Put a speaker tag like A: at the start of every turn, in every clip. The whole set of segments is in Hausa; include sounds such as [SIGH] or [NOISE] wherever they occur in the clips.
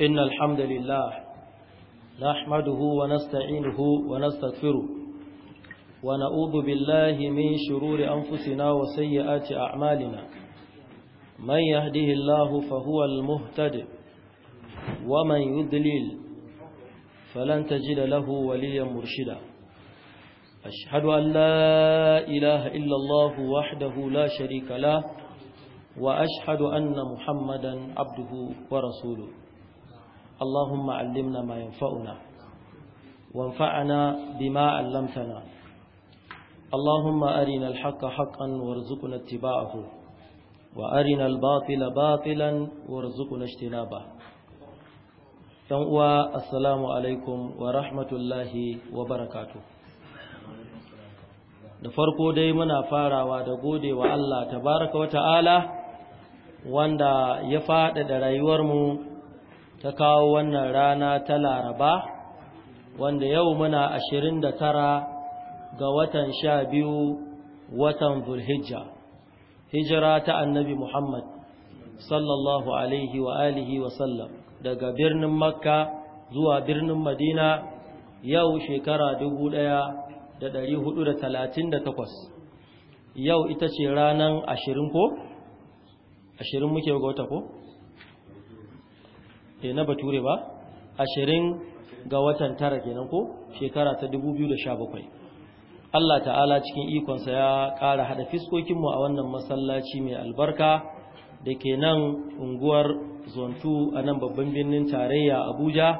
A: إن الحمد لله نحمده ونستعينه ونستغفره ونعوذ بالله من شرور أنفسنا وسيئات أعمالنا من يهده الله فهو المهتد ومن يدلل فلن تجد له وليا مرشدا أشهد أن لا إله إلا الله وحده لا شريك له وأشهد أن محمدا عبده ورسوله اللهم علمنا ما ينفعنا وانفعنا بما علمتنا اللهم أرنا الحق حقا وارزقنا اتباعه وأرنا الباطل باطلا وارزقنا اجتنابه ينقوى السلام عليكم ورحمة الله وبركاته da farko dai muna farawa da gode wa Allah tabaraka wa ta'ala wanda ya faɗaɗa rayuwarmu ta kawo wannan rana ta laraba wanda yau muna ashirin da tara ga watan sha biyu watan zulhijja hijira ta annabi muhammad sallallahu alaihi wa alihi wa sallam daga birnin makka zuwa birnin madina yau shekara dubu ɗaya da ɗari hudu da talatin da takwas yau ita ce ranar ashirin ko? ashirin muke ga wata ko? eh na bature ba 20 ga watan tara kenan ko shekara ta 2017 Allah ta'ala cikin ikon sa ya ƙara haɗa mu a wannan masallaci mai albarka da ke nan unguwar zontu a nan babban birnin tarayya abuja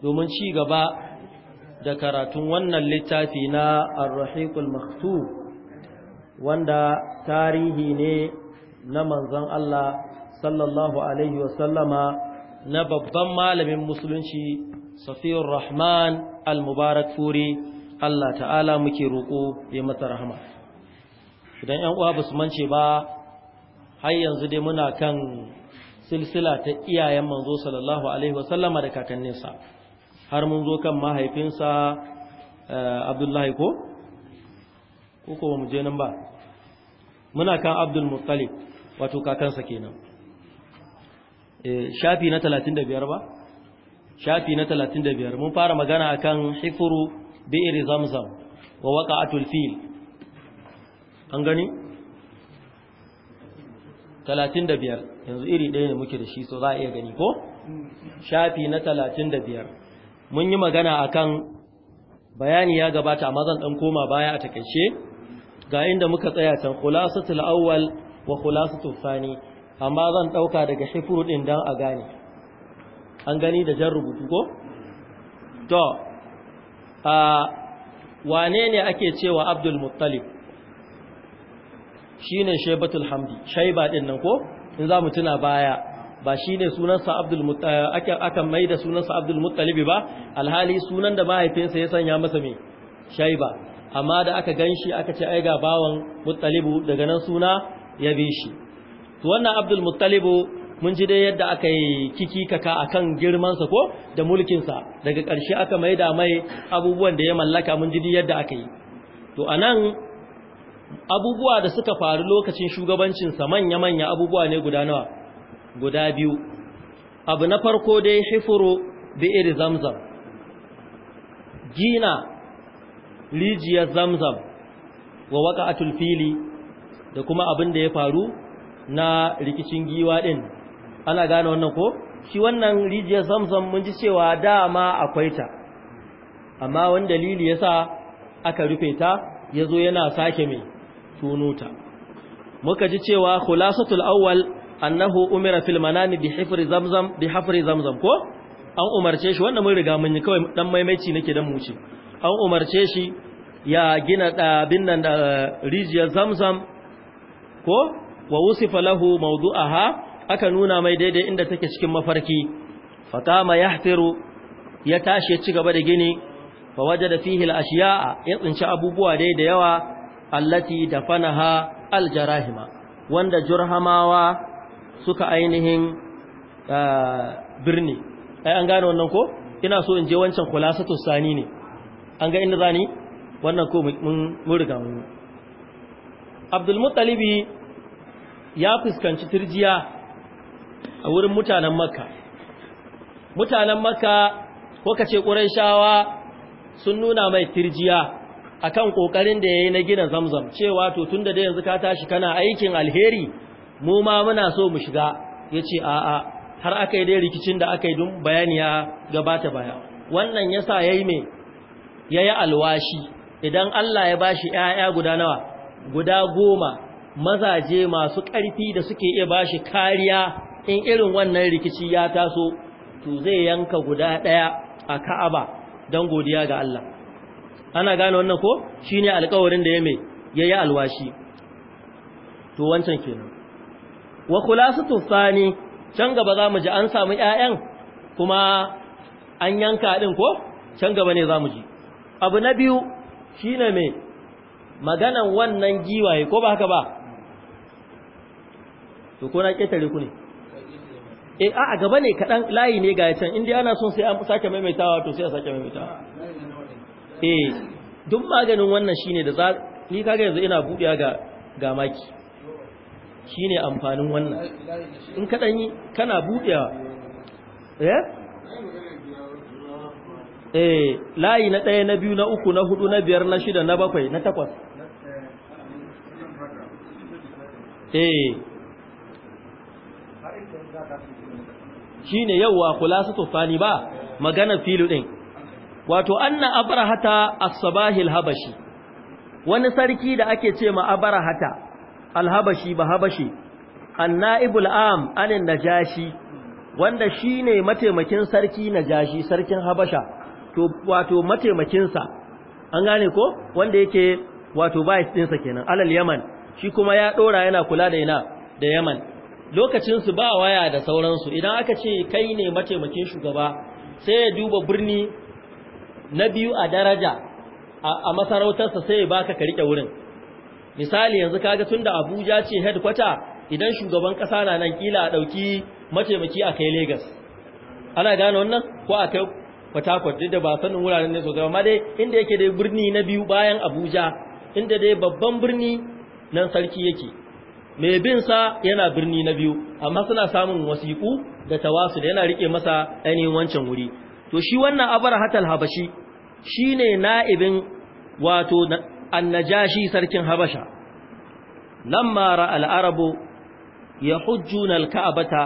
A: domin ci gaba da karatun wannan littafi na Ar-Rahiqul maktub wanda tarihi ne na manzon Allah sallallahu alaihi sallama na babban malamin musulunci safiyar rahman al-mubarak furi Allah ta'ala muke roƙo ya masa rahama idan yan uwa basu mance ba har yanzu dai muna kan silsila ta iyayen manzo sallallahu alaihi wasallama da kakanninsa har mun zo kan mahaifinsa eh, Abdullahi ko ko ko mu je nan ba muna kan Abdul Muttalib wato kakansa kenan Eh, shafi na 35 ba shafi na 35 mun fara magana akan hifuru iri zamzam wa waqa'atul fil an gani 35 yanzu iri ɗaya ne muke da shi so za a iya gani ko shafi na 35 mun yi magana akan bayani ya gabata amma zan dan koma baya a takaice ga inda muka tsaya can khulasatul awwal wa khulasatul thani amma zan ɗauka daga shifuru ɗin don a gane an gani da jan rubutu ko? to a wane ne ake cewa abdul muttalib shi ne shaibatul hamdi shaiba ɗin nan ko? in za mu tuna baya ba shi ne sunansa abdul aka mai da sunansa abdul muttalib ba alhali sunan da mahaifinsa ya sanya masa mai shaiba amma da aka ganshi aka ce ai ga bawan muttalibu daga nan suna ya bi shi to wannan Abdul Muttalib mun ji dai yadda aka yi kiki kaka akan girmansa ko da mulkinsa daga ƙarshe aka maida mai abubuwan da ya mallaka mun ji yadda aka yi to anan abubuwa da suka faru lokacin shugabancinsa manya-manya abubuwa ne guda nawa guda biyu abu na farko dai hifuru iri zamzam gina rijiyar zamzam wa waka'atul fili da kuma abin da ya faru na rikicin giwa ɗin. ana gane wannan ko shi wannan rijiyar zamzam mun ji cewa dama akwai ta amma wani dalili ya sa aka rufe ta ya zo yana sake mai tunuta muka ji cewa khulasatul awwal annahu umira fil manami bi hifri zamzam bi hafri zamzam ko an umarce shi wanda mun riga mun yi kawai dan maimaici nake dan muci an umarce shi ya gina dabin nan da rijiyar zamzam ko wa wusifa lahu mawdu'aha aka nuna mai daidai inda take cikin mafarki kama yahtiru ya tashi ya ci gaba da gini fa wajada fihi al-ashiya'a ya tsinci abubuwa dai da yawa allati dafanaha al-jarahima wanda jurhamawa suka ainihin ah, birni ai an gane wannan ko ina so in je wancan khulasatu sani ne an ga inda zani wannan ko mun riga mun Abdul Muttalibi ya fuskanci turjiya a wurin mutanen makka mutanen makka ko ka ce sun nuna mai turjiya akan kokarin da yayi na gina zamzam cewa to tunda da yanzu ka tashi kana aikin alheri mu ma muna so mu shiga yace a a har akai dai rikicin da akai dun bayani ya gabata baya wannan yasa yayi me yayi alwashi idan Allah ya bashi 'ya'ya guda nawa guda goma mazaje masu ƙarfi da suke iya bashi kariya in irin wannan rikici ya taso to zai yanka guda ɗaya a Ka'aba don godiya ga Allah ana gane wannan ko shine alƙawarin da ya mai yayi alwashi to wancan kenan wa kula khulasatu tsani can gaba za mu ji an samu ƴaƴan kuma an yanka din ko can gaba ne za mu ji abu na biyu shine mai maganan wannan giwaye ko ba haka ba to ko na ketare ku ne eh a gaba ne kaɗan layi ne ga can indai ana son sai an sake maimaitawa to sai a sake maimaitawa eh duk maganin wannan shine da za ni kage yanzu ina buɗewa ga ga maki shine amfanin wannan in ka yi kana buɗewa eh eh layi na ɗaya na biyu na uku na hudu na biyar na shida na bakwai na takwas
B: eh shine
A: yawa khulasatu fani ba maganar filu din wato anna abrahata as-sabahil habashi wani sarki da ake ce ma abrahata al-habashi ba habashi annaibul am anin najashi wanda shine mataimakin sarki najashi sarkin habasha to wato mataimakin sa an gane ko wanda yake wato vice din kenan alal yaman shi kuma ya ɗora yana kula da ina da yaman lokacinsu ba waya da sauransu idan aka ce kai ne mataimakin shugaba sai ya duba birni na biyu a daraja a masarautarsa sai ya baka ka rike wurin misali yanzu kaga tun da Abuja ce headquarter idan shugaban ƙasa na nan kila a ɗauki mataimaki a kai Legas. ana gane wannan ko a kai Port Harcourt da ba sanin wuraren ne sosai amma dai inda yake dai birni na biyu bayan Abuja inda dai babban birni nan sarki yake mai bin sa yana birni na biyu amma suna samun wasiƙu da tawasu da yana rike masa ainihin wancan wuri to shi wannan abarahatal habashi shine na'ibin wato annajashi sarkin habasha lamma ra'al arabu yahujjuna alka'bata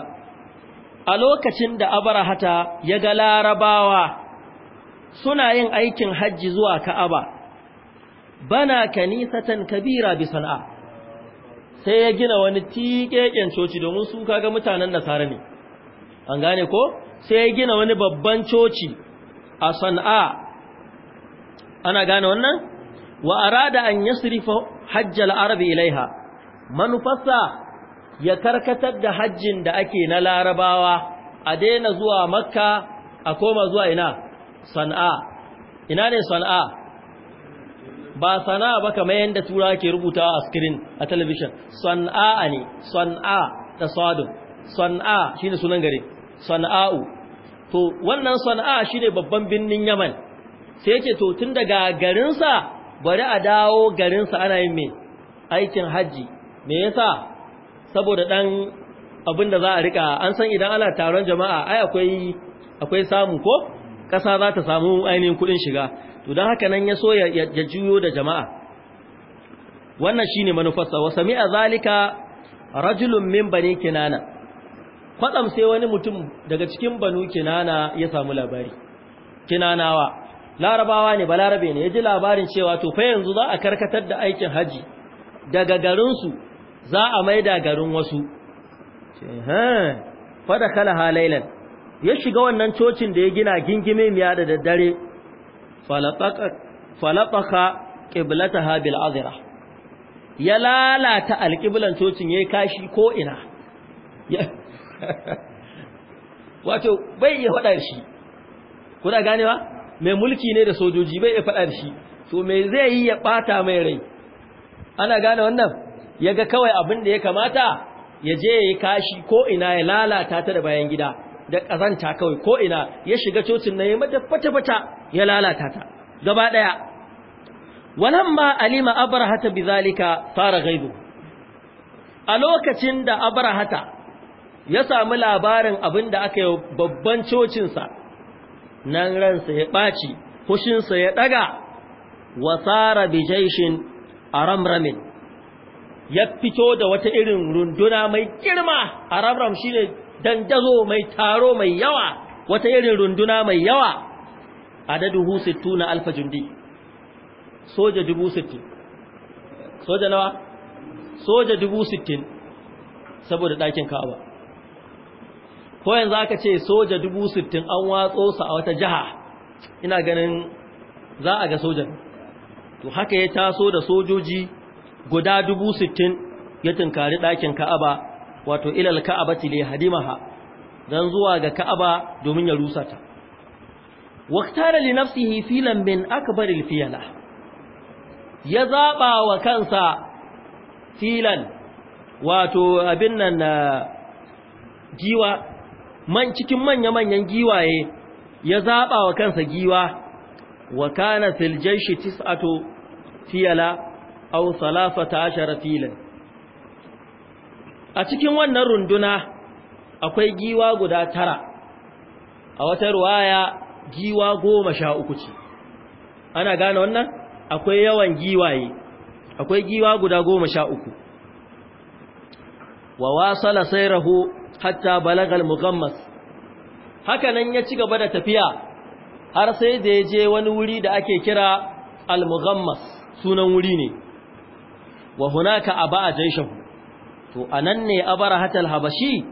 A: a lokacin da abarhata ya ga larabawa suna yin aikin hajji zuwa ka'aba bana kanisatan kabira bi sana'a sai ya gina wani tiƙeƙen coci domin su kaga mutanen nasara ne an gane ko sai ya gina wani babban coci a sana'a. ana gane wannan wa arada an sirifa hajjal arabi ilaiha manufasa ya karkatar da hajjin da ake na larabawa a daina zuwa makka a koma zuwa ina sana'a. ina ne sana'a? ba sana'a ba kamar yadda tura ke rubuta a screen a television sana'a ne sana'a da San'a sana'a shine sunan gare sana'u to wannan sana'a shine babban birnin Yaman sai yace to tun daga garin sa bari a dawo garinsa ana yin me aikin hajji me yasa saboda dan abin da za a rika an san idan ana taron jama'a ai akwai samu ko ƙasa za ta samu ainihin kudin shiga to don haka nan ya so ya juyo da jama'a wannan shine manufarsa wa sami'a zalika rajulun min bani kinana kwatsam sai wani mutum daga cikin banu kinana ya samu labari kinanawa larabawa ne balarabe ne ya ji labarin cewa to fa yanzu za a karkatar da aikin haji daga garinsu za a maida garin wasu fada kala halailan ya shiga wannan cocin da ya gina gingime miya da daddare falataka qiblataha bil azra ya lalata alqiblan cocin yi kashi ko ina wato bai ya fada shi kuna ganewa mai mulki ne da sojoji bai ya fada shi to me zai yi ya ɓata mai rai ana gane wannan yaga kawai abin da ya kamata ya je yayi kashi ko ina ya lalata ta da bayan gida da ƙazanta kawai ko ina ya shiga cocin na ya mata fata-fata ya lalata ta gaba ɗaya walamma alima abrahata bizalika fara gaibu a lokacin da abrahata ya sami labarin abin da aka yi babban cocinsa nan ransa ya ɓaci fushinsa ya ɗaga wasara bijaishin a ramramin ya fito da wata irin runduna mai girma a ramram shi dandazo mai taro mai yawa wata irin runduna mai yawa adaduhu na alfa jundi soja dubu sittin, soja nawa soja dubu sittin saboda dakin Ka'aba ko yanzu aka ce soja dubu sittin an watso su a wata jiha, ina ganin za a ga sojan to haka ya taso da sojoji guda dubu sittin ya tunkari dakin Ka'aba wato ilal ka'abati li hadimaha dan zuwa ga ka'aba domin ya rusa ta waqtara li nafsihi filan min akbaril fiyala ya zaba wa kansa filan wato abin nan eh, giwa man cikin manya-manyan giwaye ya zaba wa kansa giwa wa kana fil jayshi tis'atu fiyala aw 13 filan a cikin wannan runduna akwai giwa guda tara a wata ruwaya giwa goma sha uku ce ana gane wannan akwai yawan giwaye akwai giwa guda goma sha uku wa wasala rahu, hatta balagal mugammas haka nan ya ci gaba da tafiya har sai da ya je wani wuri da ake kira al-mughammas sunan wuri ne wa hunaka aba jaishahu to anan ne abarahatal habashi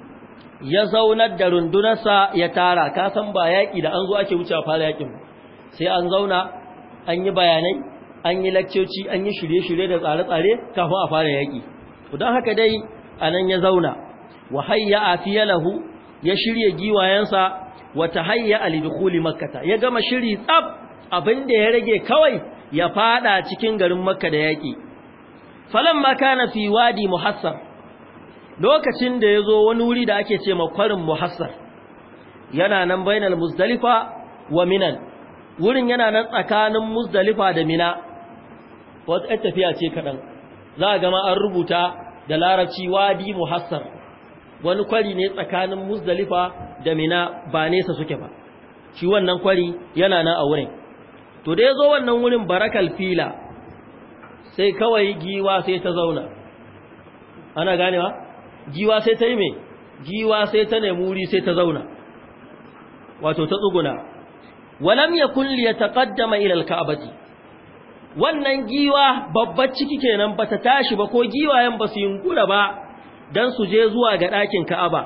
A: ya zaunar da rundunarsa ya tara ka san ba yaki da an zo ake wuce fara yakin sai an zauna an yi bayanai an yi lakcoci an yi shirye-shirye da tsare-tsare kafin a fara yaki don haka dai anan ya zauna wa hayya afiyalahu ya shirye giwayensa wa tahayya alidkhuli makkata ya gama shiri tsab abinda ya rage kawai ya fada cikin garin makka da yaki falamma kana fi wadi muhassab lokacin da ya zo wani wuri da ake ce kwarin muhassar yana nan bainal muzdalifa wa minan wurin yana nan tsakanin muzdalifa da mina wata tafiya ce kaɗan za a gama an rubuta da larabci wadi muhassar wani kwari ne tsakanin muzdalifa da mina ba nesa suke ba shi wannan kwari yana nan a wurin to da ya zo wannan wurin barakal fila sai kawai giwa sai ta zauna ana ganewa giwa sai ta yi mai giwa sai ta nemi wuri sai ta zauna wato ta tsuguna walam yakun li yataqaddama ila alka'bati wannan giwa babbar ciki kenan ba ta tashi ba ko giwayen ba su yunkura ba dan su je zuwa ga ɗakin Ka'aba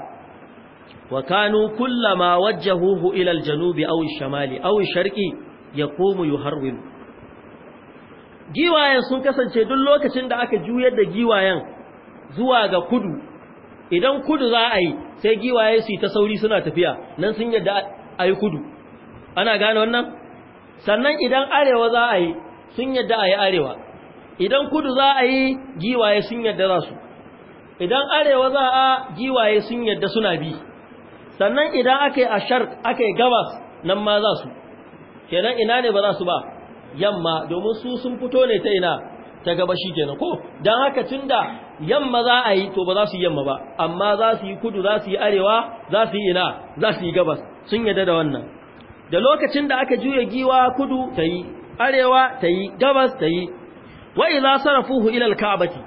A: wa kanu kullama wajjahuhu ila janubi aw alshamali aw sharqi yaqumu yuharwil giwayen sun kasance duk lokacin da aka juyar da giwayen zuwa ga kudu idan kudu za a yi sai giwaye su yi ta sauri suna tafiya nan sun yadda a yi kudu ana gane wannan sannan idan arewa za a yi sun yadda a yi arewa idan kudu za a yi giwaye sun yadda za su idan arewa za a giwaye sun yadda suna bi sannan idan aka yi a shark aka yi gabas nan ma za su kenan ina ne ba za su ba yamma domin su sun fito ne ta ina ta gaba shi kenan ko don haka tunda yamma za a yi to ba za su yi yamma ba amma za su yi kudu za su yi arewa za su yi ina za su yi gabas sun yadda da wannan da lokacin da aka juya giwa kudu ta yi arewa ta yi gabas ta yi wa idza sarafuhu ila alka'bati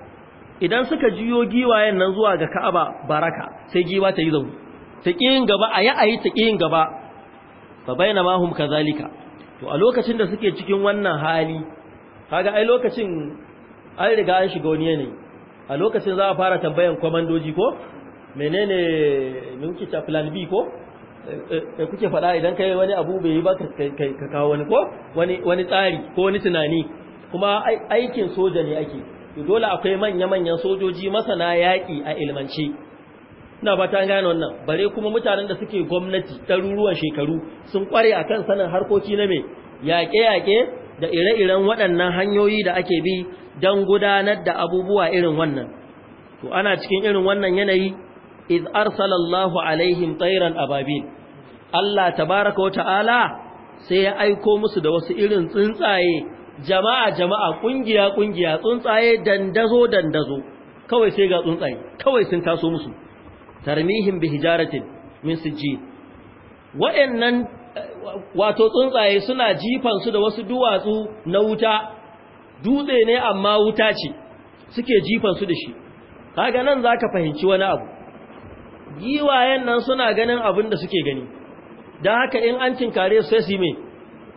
A: idan suka juyo giwayen nan zuwa ga ka'aba baraka sai giwa ta yi zauni ta kiyin gaba a ayi ayi ta kiyin gaba fa bainama hum kadhalika to a lokacin da suke cikin wannan hali kaga ai lokacin an riga an shiga wani yanayi a lokacin za a fara tambayan kwamandoji ko menene ne kuke ta plan B ko eh, eh, kuke faɗa idan kai wani abu bai yi ba ka kawo wani ko wani tsari ko wani tunani kuma aikin soja ne ake dole akwai manya-manyan sojoji masana yaƙi a ilmance na ba ta gane wannan bare kuma mutanen da suke gwamnati ɗaruruwan shekaru sun kware a kan sanin harkoki na mai yaƙe-yaƙe da ire-iren waɗannan hanyoyi da ake bi don gudanar da abubuwa irin wannan to ana cikin irin wannan yanayi iz arsalallahu alaihim tayran ababil Allah tabaaraka wa ta'ala sai ya aiko musu da wasu irin tsuntsaye jama'a jama'a kungiya kungiya tsuntsaye dandazo dandazo kawai sai ga tsuntsaye kawai sun taso musu tarmihim bihijaratin min sijji wa'annan eh, wato tsuntsaye suna jifan su da wasu duwatsu na wuta dutse ne amma wuta ce suke jifan su da shi kaga nan zaka fahimci wani abu giwayen nan suna ganin abin da suke gani dan haka in an tinkare su sai su me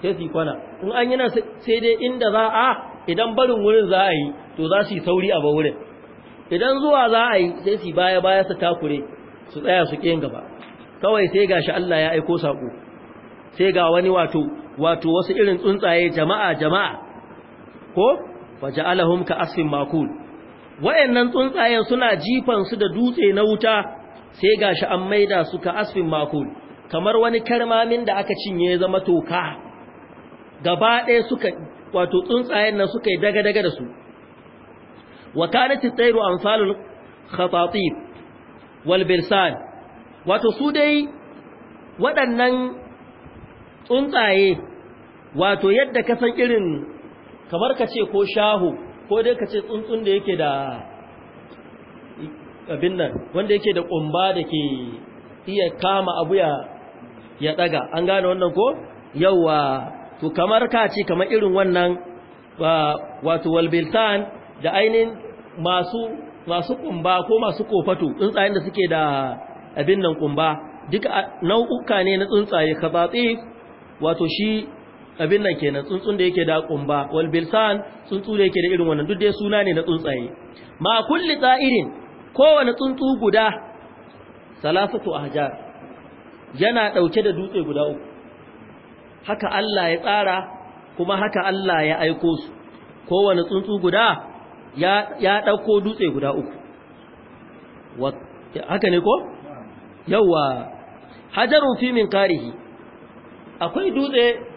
A: sai su kwana in an yana sai dai inda za a idan barin wurin za a yi to za su yi sauri a ba wurin idan zuwa za a yi sai su baya baya su takure su tsaya su kiyin gaba kawai sai gashi Allah ya aiko sako sai ga wani wato wato wasu irin tsuntsaye jama'a jama'a ko waja'alahum ka asfin makul wayannan tsuntsayen suna jifan su da dutse na wuta sai gashi an maida su ka asfin makul kamar wani karmamin da aka cinye ya zama toka gaba ɗaya suka wato tsuntsayen nan suka yi daga-daga da su wa kanat at-tayru amsalul khatatib wal birsan wato su dai waɗannan tsuntsaye wato yadda ka san irin kamar ka ce ko shahu ko dai ka ce tsuntsun da yake da abin nan wanda yake da ƙumba da ke iya kama abu ya ya daga an gane wannan ko yauwa to kamar ka ce kamar irin wannan wato walbiltan da ainin masu masu ko masu ƙofatu, tsuntsayen da suke da abin nan ƙumba. duka nau'uka ne na tsuntsaye ka zaɓe wato shi abin nan kenan tsuntsun da yake da kumba wal bilsan tsuntsu da yake da irin wannan duk dai suna ne na tsuntsaye ma kulli tsa'irin kowane tsuntsu guda salasatu ahjar yana dauke da dutse guda uku haka Allah ya tsara kuma haka Allah ya aiko su kowane tsuntsu guda ya ya dauko dutse guda uku haka ne ko yawa hajarun fi min karihi akwai dutse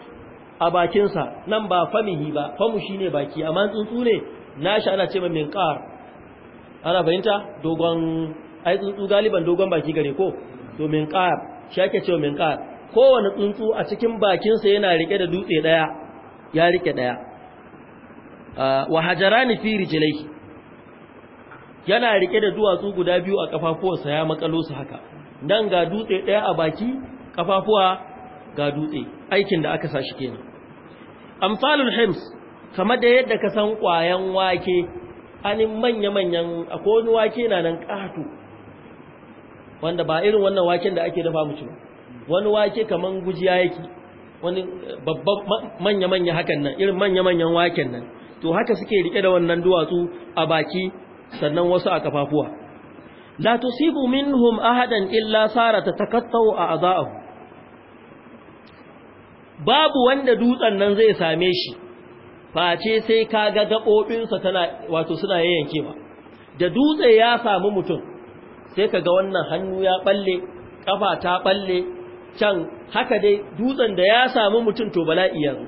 A: a bakinsa nan ba famihi ba famu shi ne baki amma tsuntsu ne shi ana ce min qar ana fahimta dogon ai tsuntsu galiban dogon baki gare ko to min shi ake cewa min qar kowane tsuntsu a cikin bakinsa yana rike da dutse daya ya rike daya wa hajarani fi yana rike da duwatsu guda biyu a kafafuwarsa ya makalo su haka nan ga dutse ɗaya a baki kafafuwa ga dutse aikin da aka sashi kenan amsalul hims kamar da yadda ka san kwayan wake anin manya-manyan akwai wani wake na nan ƙato wanda ba irin wannan waken da ake dafa mutum wani wake kaman gujiya yake wani babban manya-manya hakan nan irin manya-manyan waken nan to haka suke rike da wannan duwatsu a baki sannan wasu a kafafuwa la tusibu minhum ahadan illa sarata takattau a azaahu babu wanda dutsen nan zai same shi face sai kaga gaɓoɓinsa wato suna yayyankewa da dutse ya samu mutum sai kaga wannan hannu ya balle kafa ta balle can haka dai dutsen da ya samu mutum to bala'i yanzu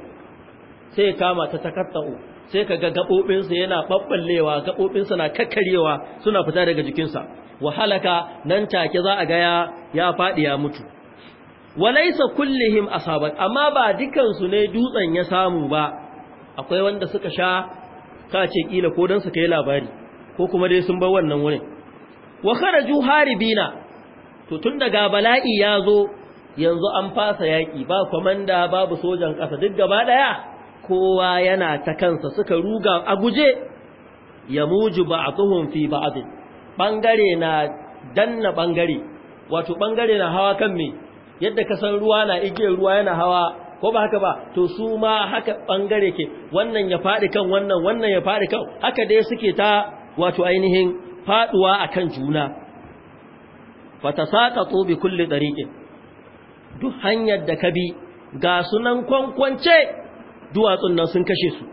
A: sai kama ta takattau sai kaga gaɓoɓinsa yana babballewa gaɓoɓinsa na kakkarewa suna fita daga jikinsa wahalaka nan take za a ga ya ya faɗi ya mutu walaisa kullihim asaban amma ba dukansu ne dutsen ya samu ba akwai wanda suka sha ka ce kila ko dan su kai labari ko kuma dai sun bar wannan wurin wa kharaju haribina to tun daga bala'i ya zo yanzu an fasa yaƙi ba komanda babu sojan ƙasa duk gaba daya kowa yana ta kansa suka ruga a guje a ba'dhum fi ba'd bangare na danna bangare wato bangare na hawa kan me yadda ka san ruwa na igiyar ruwa yana hawa ko ba haka ba to su ma haka bangare ke wannan ya faɗi kan wannan wannan ya faɗi kan haka dai suke ta wato ainihin faduwa akan juna fatasaqatu bi kulli dariqin duk hanyar da ka bi ga sunan kwankwance duwatsun nan sun kashe su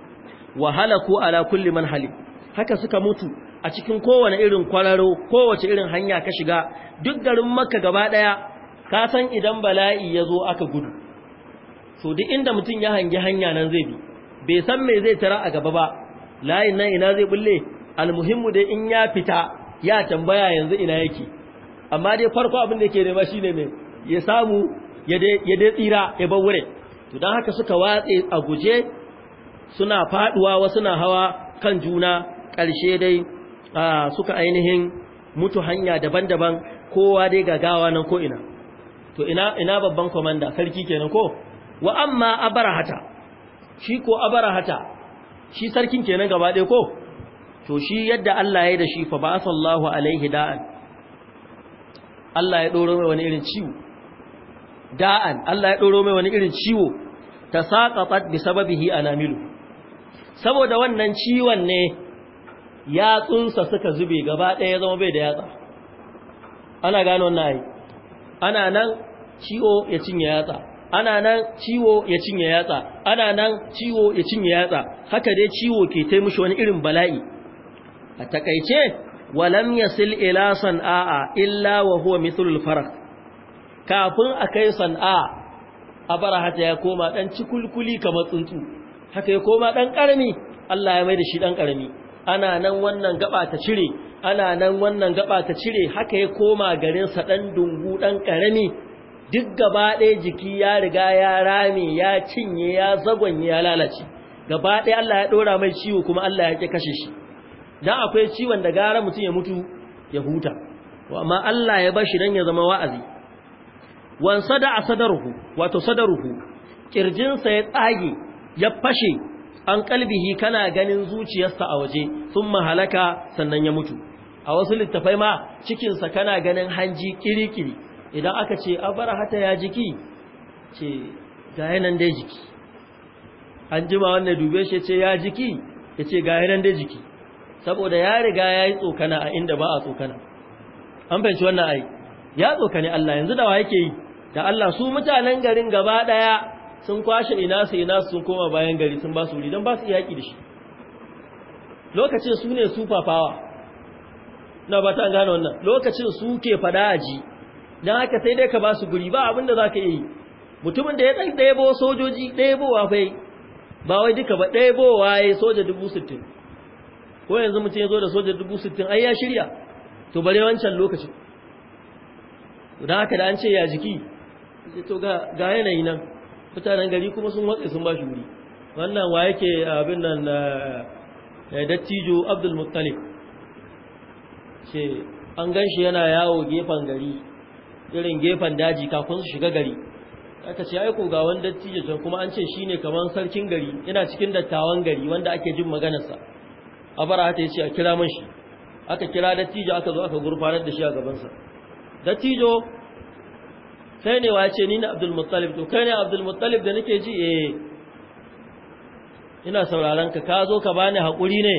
A: ko ala kulli man hali. haka suka mutu a cikin kowane irin kwararo kowace irin hanya ka shiga duk garin makka gaba ɗaya. ka san idan bala'i ya zo aka gudu so duk inda mutum ya hangi hanya nan zai bi bai san me zai tara a gaba ba layin nan ina zai bulle almuhimmu dai in ya fita ya tambaya yanzu ina yake amma dai farko abin da yake nema shine me ya samu ya dai tsira ya bar to dan haka suka watse a guje suna faduwa wasu na hawa kan juna ƙarshe dai ah, suka ainihin mutu hanya daban-daban kowa dai gagawa nan ko ina to ina ina babban komanda sarki kenan ko wa amma abarahata shi ko abarahata shi sarkin kenan gaba ɗaya ko to shi yadda Allah ya da shi fa ba'asallahu alaihi da'an Allah ya doro mai wani irin ciwo da'an Allah ya doro mai wani irin ciwo ta tasaqatat bi sababihi anamilu saboda wannan ciwon ne yatsunsa suka zube gaba ɗaya zama bai da yatsa ana gano wannan ai ana nan ciwo ya cinye yatsa ana nan ciwo ya cinye yatsa ana nan ciwo ya cinye yatsa haka dai ciwo ke tai mushi wani irin bala'i a takaice walam yasil ila san'a illa wa huwa mithlul farq kafin akai san'a a barahata ya koma dan cikulkuli kamar tsuntsu haka ya koma dan karami Allah ya mai da shi dan karami ana nan wannan gaba ta cire ana nan wannan gaba ta cire haka ya koma garin sa ɗan dungu ɗan karami duk gaba ɗaya jiki ya riga ya rame ya cinye ya zagonye ya lalace gaba ɗaya Allah ya ɗora mai ciwo kuma Allah ya ƙi kashe shi dan akwai ciwon da gara mutum ya mutu ya huta amma Allah ya bashi dan ya zama wa'azi wan sada sadaruhu wato sadaruhu ƙirjinsa ya tsage ya fashe an kalbihi kana ganin zuciyarsa a waje sun mahalaka sannan ya mutu a wasu littafai ma cikinsa kana ganin hanji kirikiri idan aka ce hata ya jiki ce ga yanan dai jiki an jima wannan dube shi ce ya jiki ya ce ga yanan dai jiki saboda ya riga ya yi tsokana a inda ba a tsokana an fahimci wannan ai ya tsokani Allah yanzu da wa yake yi da Allah su mutanen garin gaba daya sun kwashe ina su ina sun koma bayan gari sun ba su wuri don ba su iyaki da shi lokacin su ne super power na ba ta gane wannan lokacin su ke fada ji dan haka sai dai ka ba su guri ba abinda zaka yi mutumin da ya dan ɗebo sojoji wa fai ba wai duka ba ɗebowa ya soja dubu sittin ko yanzu mutum ya zo da soja dubu sittin ai ya shirya to bare wancan lokacin don haka da an ce ya jiki to ga yanayi nan mutanen gari kuma sun watsa sun ba shi wuri wannan wa yake abin nan eh, eh, dattijo abdul muttalib ce an gan shi yana yawo gefen gari irin gefen daji kafin su shiga gari aka ce aiko ga wanda dattijo kuma an ce shi ne kamar sarkin gari yana cikin dattawan gari wanda ake jin maganarsa a bara ta ce a kira man shi aka kira dattijo aka zo aka gurfanar da shi a gabansa dattijo kai ne wa ce ni na muttalib to kai ne muttalib da nake ji eh ina sauraron ka ka zo ka bani hakuri ne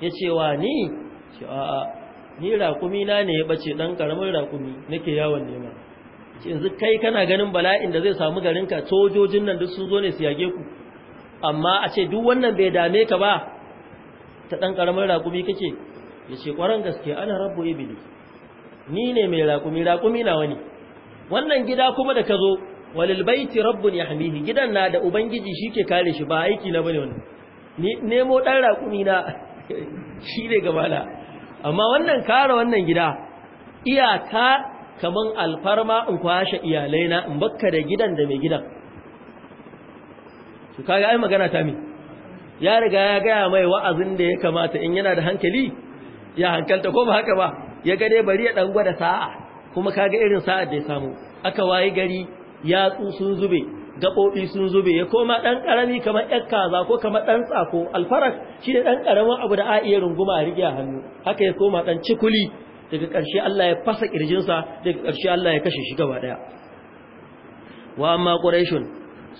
A: ya ce wa ni ce a'a ni raƙumi na ne ya bace dan karamin raƙumi nake yawon nema yanzu kai kana ganin bala'in da zai samu garinka sojojin nan duk sun zo ne su yage ku amma a ce duk wannan bai dame ka ba ta dan karamin raƙumi kake ya ce ƙwaron gaske ana rabu ibili ni ne mai raƙumi raƙumi na wani wannan gida kuma da ka zo walil baiti rabbun yahmihi gidan na da ubangiji shike kare shi ba aiki na bane wannan ni nemo dan raƙumi na [LAUGHS] shi ne gabana amma wannan kare wannan gida iyaka kaman alfarma in kwashe iyalai na in bakka da gidan da mai gidan su kaga ai magana ta mi ya riga ya gaya mai wa'azin da ya kamata in yana da hankali ya hankalta ko ba haka ba ya gade bari ya dan gwada sa'a kuma kaga irin sa'a da ya samu aka wayi gari ya tsu sun zube gaɓoɓi sun zube ya koma ɗan ƙarami kamar ‘yar kaza ko kamar ɗan tsako alfaras shi da ɗan ƙaramin abu da a iya runguma a rigya hannu haka ya koma ɗan cikuli daga ƙarshe Allah ya fasa ƙirjinsa daga ƙarshe Allah ya kashe shi gaba ɗaya wa amma ƙuraishun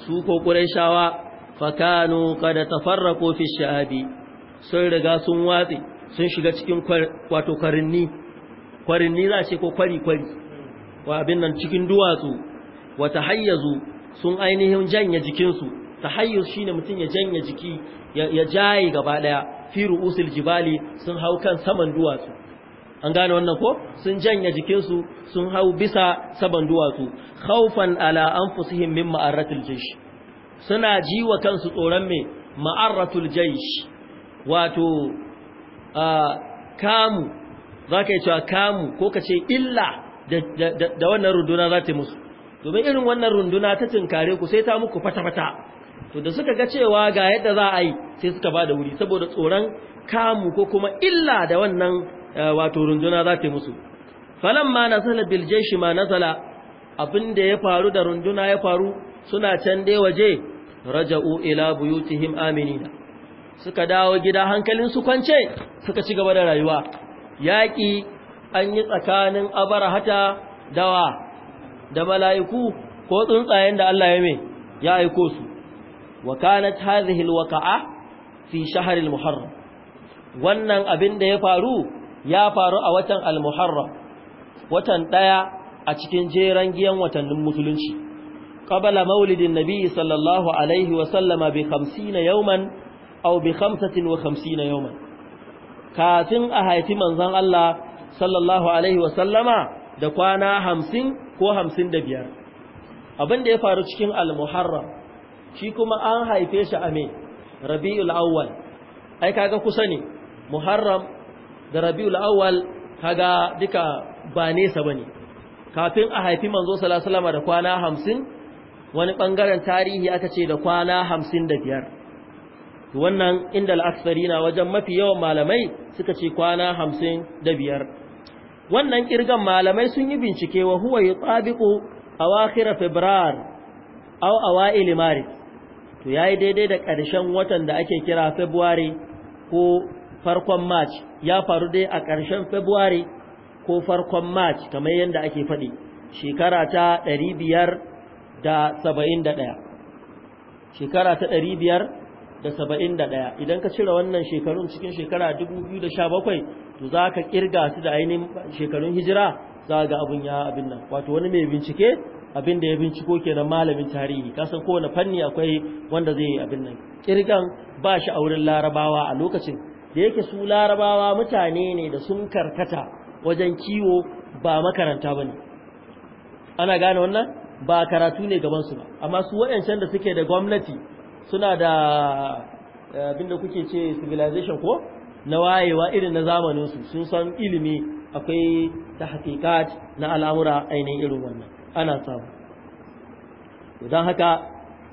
A: su ko ƙuraishawa fakanu kada tafarraqu fi sha'abi sun riga sun watsi sun shiga cikin wato kwarinni kwarinni za a ce ko kwari kwari wa abin nan cikin duwatsu wata hayyazu sun ainihin janye jikinsu ta shi ne mutum ya janye jiki ya jaye gaba daya firu usul jibali sun hau kan saman duwatsu an gane wannan ko sun janye jikinsu sun hau bisa saman duwatsu khaufan ala anfusihim min ma'aratil jaysh suna jiwa kansu tsoron me ma'aratul jaysh wato a kamu zaka yi cewa kamu ko kace illa da wannan runduna za ta musu domin irin wannan runduna ta tunkare ku sai ta muku fata-fata to da suka ga cewa ga yadda za a yi sai suka ba da wuri saboda tsoron kamu ko kuma illa da wannan eh, wato runduna za ta yi musu falamma nazala bil jayshi ma nazala abin da ya faru da runduna ya faru suna can dai waje raja'u ila buyutihim aminina suka dawo gida hankalin su kwance suka ci gaba da rayuwa yaki an yi tsakanin hata dawa da mala'iku ko tsuntsayen da Allah ya mai ya aiko su wa kanat hadhihi alwaqa'a fi shahr almuharram wannan abin da ya faru ya faru a watan Al-Muharram, watan ɗaya a cikin jeran giyan watannin musulunci qabla maulidin nabi sallallahu alaihi wa sallama bi 50 yawman au bi 55 yawman kafin a haifi manzan Allah sallallahu alaihi wa sallama da kwana hamsin. ko hamsin da biyar abin da ya faru cikin al-muharram shi kuma an haife shi a mai rabi'ul awwal ai kaga kusa ne muharram da rabi'ul awwal kaga duka ba nesa bane kafin a haifi manzo sallallahu alaihi da kwana hamsin, wani bangaren tarihi aka ce da kwana hamsin da biyar. wannan inda na wajen mafi yawan malamai suka ce kwana hamsin da biyar wannan kirgan malamai sun yi bincike wa huwa a awakhir febrar a awail maris to ya yi daidai da ƙarshen watan da ake kira february ko farkon march ya faru dai a ƙarshen february ko farkon march kamar yadda ake faɗi shekara ta 571 shekara ta biyar? da saba'in da ɗaya idan ka cire wannan shekarun cikin shekara dubu biyu da sha bakwai to za ka ƙirga su da ainihin shekarun hijira za ga abin ya abin nan wato wani mai bincike abin da ya binciko kenan malamin tarihi kasan kowane fanni akwai wanda zai yi abin nan ƙirgan ba shi a wurin larabawa a lokacin da yake su larabawa mutane ne da sun karkata wajen kiwo ba makaranta ba ne ana gane wannan ba karatu ne gabansu ba amma su waɗancan da suke da gwamnati suna da eh, abinda kuke ce civilization ko na wayewa irin na zamaninsu sun san ilimi akwai ta hakikat na al'amura ainihin irin wannan ana samu don haka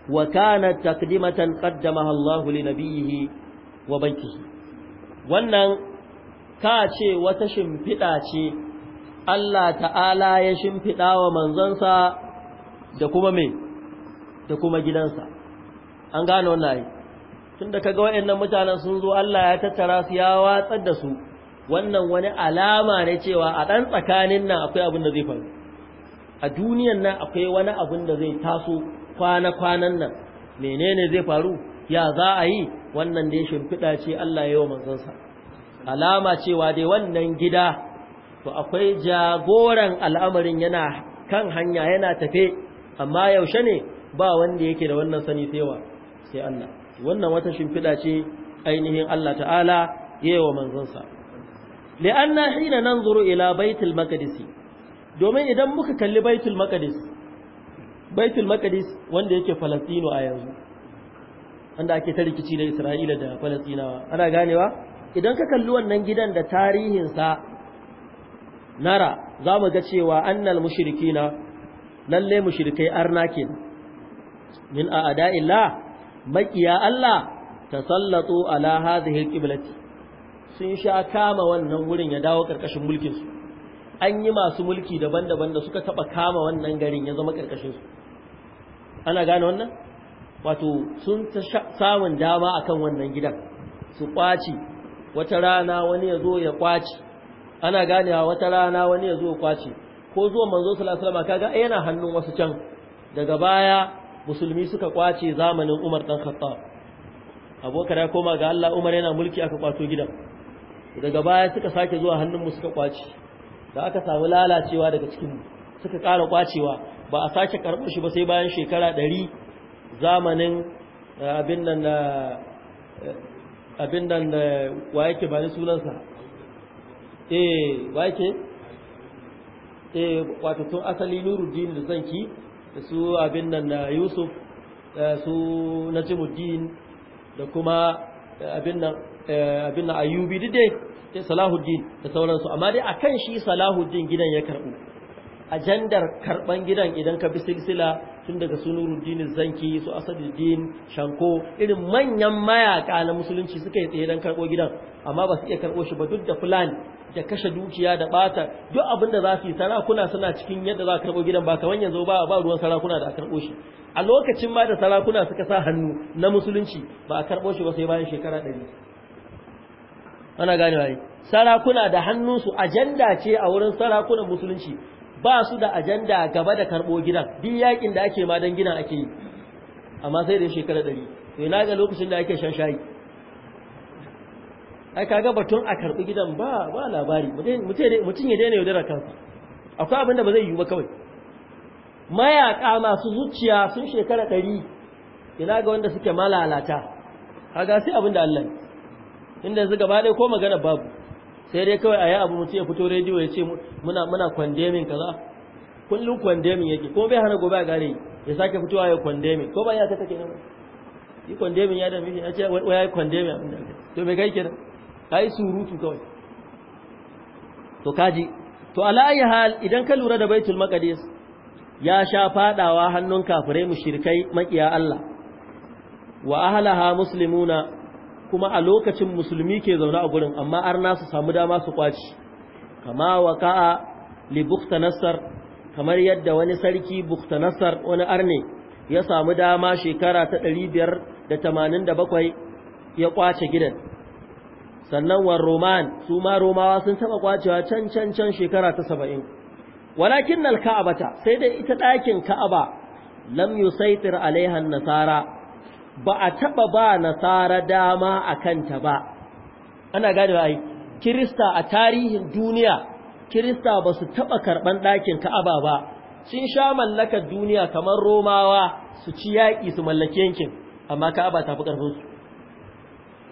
A: wa kana taqdimatan qaddama Allahu li nabiyhi wa baitihi wannan ka ce wata shimfida ce Allah ta'ala ya shimfida wa manzansa da kuma me da kuma gidansa an gano wannan ayi. tunda kaga wayannan mutanen sun zo Allah ya tattara su ya watsar da su wannan wani alama ne cewa a dan tsakanin nan akwai abin da zai faru a duniyan nan akwai wani abin da zai taso kwana kwanan nan menene zai faru ya za a yi wannan da ya shimfiɗa ce Allah ya yi wa manzansa alama cewa dai wannan gida to akwai jagoran al'amarin yana kan hanya yana tafe amma yaushe ne ba wanda yake da wannan sani wa sai Allah wannan wata shimfiɗa ce ainihin Allah ta'ala yawa manzonsa li'anna hina nanzuru ila baitul maqdis domin idan muka kalli baitul maqdis baitul maqdis wanda yake falastino a yanzu wanda ake ta rikici da Isra'ila da Falastinawa ana ganewa idan ka kalli wannan gidan da tarihin sa nara za mu ga cewa annal mushrikina lalle mushrikai arnakin min a'da'illah makiya Allah ta tasallatu ala hadhihi alqiblati sun sha kama wannan wurin ya dawo karkashin mulkin su an yi masu mulki daban-daban da suka taba kama wannan garin ya zama karkashin su ana gane wannan wato sun ta samun dama akan wannan gidan su kwaci wata rana wani ya zo ya kwaci ana ganewa wata rana wani ya zo ya kwaci ko zuwa manzo sallallahu alaihi wasallam kaga yana hannun wasu can daga baya musulmi suka kwace zamanin Umar dan Khattab abokar ya koma ga Allah Umar yana mulki aka kwato gidan daga baya suka sake zuwa hannun mu suka kwace da aka samu lalacewa daga cikin mu suka ƙara kwacewa ba a sake karɓo shi ba sai bayan shekara 100 zamanin eh, abin nan eh, eh, abin nan wa yake ba ni sunansa eh wa yake eh wato tun asali Nuruddin Zanki su abin nan na yusuf su jimuddin da kuma eh, abin nan Ayubi, dide da salahuddin da sauransu amma dai akan shi salahuddin gidan ya karbu ajandar karban gidan idan ka bi silsila tun daga sunuruddin zanki su asaduddin shanko irin manyan mayaka na musulunci suka yi tsaye don karbo gidan amma ba su iya karbo shi ba duk da fulani da kashe dukiya da bata duk abin da za su yi sarakuna suna cikin yadda za ka karɓo gidan ba kamar yanzu ba ba ruwan sarakuna da a karɓo shi a lokacin ma da sarakuna suka sa hannu na musulunci ba a karɓo shi ba sai bayan shekara ɗari ana gane yi sarakuna da hannun su ajanda ce a wurin sarakunan musulunci ba su da ajanda gaba da karɓo gidan duk yakin da ake ma don gidan ake yi amma sai da shekara ɗari to ina ga lokacin da ake shan shayi ai kaga batun a karbi gidan ba ba labari mutum ya daina yaudara kansa akwai abin da ba zai yiwu ba kawai mayaka masu zuciya sun shekara ɗari ina ga wanda suke malalata kaga sai abin da Allah inda yanzu gaba ɗaya ko magana babu sai dai kawai a yi abu mutum ya fito rediyo ya ce muna muna kwandemin kaza kullum kwandemin yake ko bai hana gobe a gare ya sake fitowa ya kwandemin ko ba ya ta take nan yi kwandemin ya da miji ya ce wa ya yi kwandemin abin da to me kai kenan kai surutu kawai to kaji to alayi hal idan ka lura da baitul maqdis ya sha fadawa hannun kafirai mushrikai makiya Allah wa ahlaha muslimuna kuma a lokacin musulmi ke zaune a gurin amma arna su samu dama su kwaci kama waqa'a li buktanassar kamar yadda wani sarki buktanassar wani arne ya samu dama shekara ta 587 ya kwace gidan sannan wa roman su ma romawa sun taɓa kwacewa can can can shekara ta saba'in walakin nal ka'abata sai dai ita ɗakin ka'aba lam yusaitir alaihan nasara ba a taɓa ba nasara dama a kanta ba ana gane ba kirista a tarihin duniya kirista ba su taɓa karɓan ɗakin ka'aba ba sun sha mallakar duniya kamar romawa su ci yaƙi su mallaki yankin amma ka'aba ta fi ƙarfinsu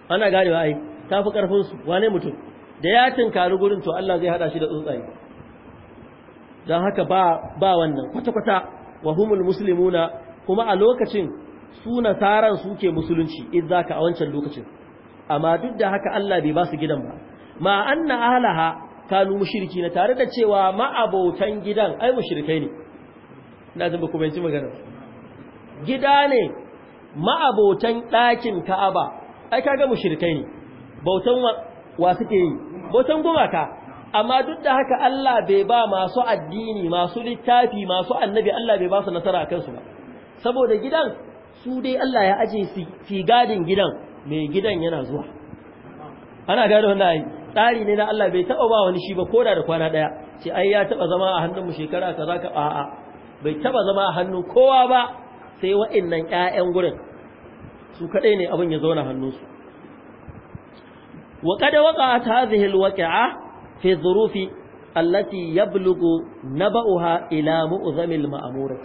A: ana gane ba Tafi fi karfin su wane mutum da ya tinkari gurin to Allah zai hada shi da tsuntsaye don haka ba ba wannan kwata kwata wa humul muslimuna kuma a lokacin su nasaran suke musulunci in zaka a wancan lokacin amma duk da haka Allah bai ba su gidan ba ma anna ahlaha kanu mushriki na tare da cewa ma'abotan gidan ai mushrikai ne ina zan ba ku bayyana magana gida ne ma'abotan ɗakin Ka'aba ai kaga mushrikai ne bautan wa suke yi bautan gumaka amma duk da haka Allah bai ba masu addini masu littafi masu annabi Allah bai ba su nasara a su ba saboda gidan su dai Allah ya aje su gadin gidan mai gidan yana zuwa ana gano wanda ai tsari ne na Allah bai taba ba wani shi ba koda da kwana daya ce ai ya taba zama a hannun mu shekara kaza ka a, bai taba zama a hannu kowa ba sai wa'annan ƴaƴan gurin su kaɗai ne abin ya zauna hannunsu وقد وقعت هذه الوقعة في الظروف التي يبلغ نبأها إلى مؤذم المأمورة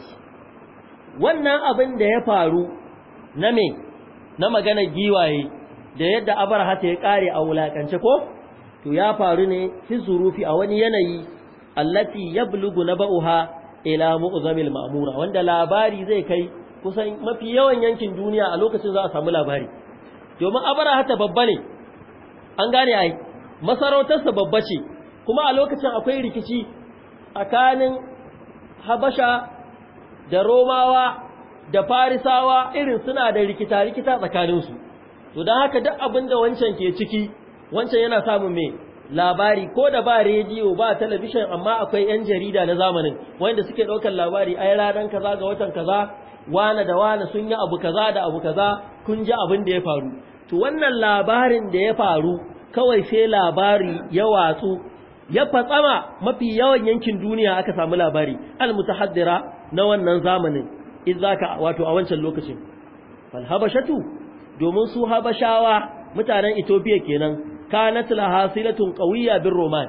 A: wannan abin da ya faru na me na maganar giwaye da yadda abarha ta ya kare a wulakance ko to ya faru ne fi zurufi a wani yanayi allati yablugu naba'uha ila mu'zamil ma'mura wanda labari zai kai kusan mafi yawan yankin duniya a lokacin za a samu labari domin abarha ta babba ne an gane ai masarautarsa babba ce kuma a lokacin akwai rikici tsakanin habasha da romawa da farisawa irin suna da rikita-rikita tsakaninsu to don haka duk abin da wancan ke ciki wancan yana samun mai labari ko da ba rediyo ba talabishin amma akwai 'yan jarida na zamanin wanda suke ɗaukar labari ai ranar kaza ga watan kaza wane da wane sun yi abu kaza da abu kaza kun ji abin da ya faru to wannan labarin da ya faru kawai sai labari ya watsu ya fatsama mafi yawan yankin duniya aka samu labari almutahaddira na wannan zamanin idzaka wato a wancan lokacin fal habashatu domin su habashawa mutanen Ethiopia kenan kanat hasilatun qawiyya bir roman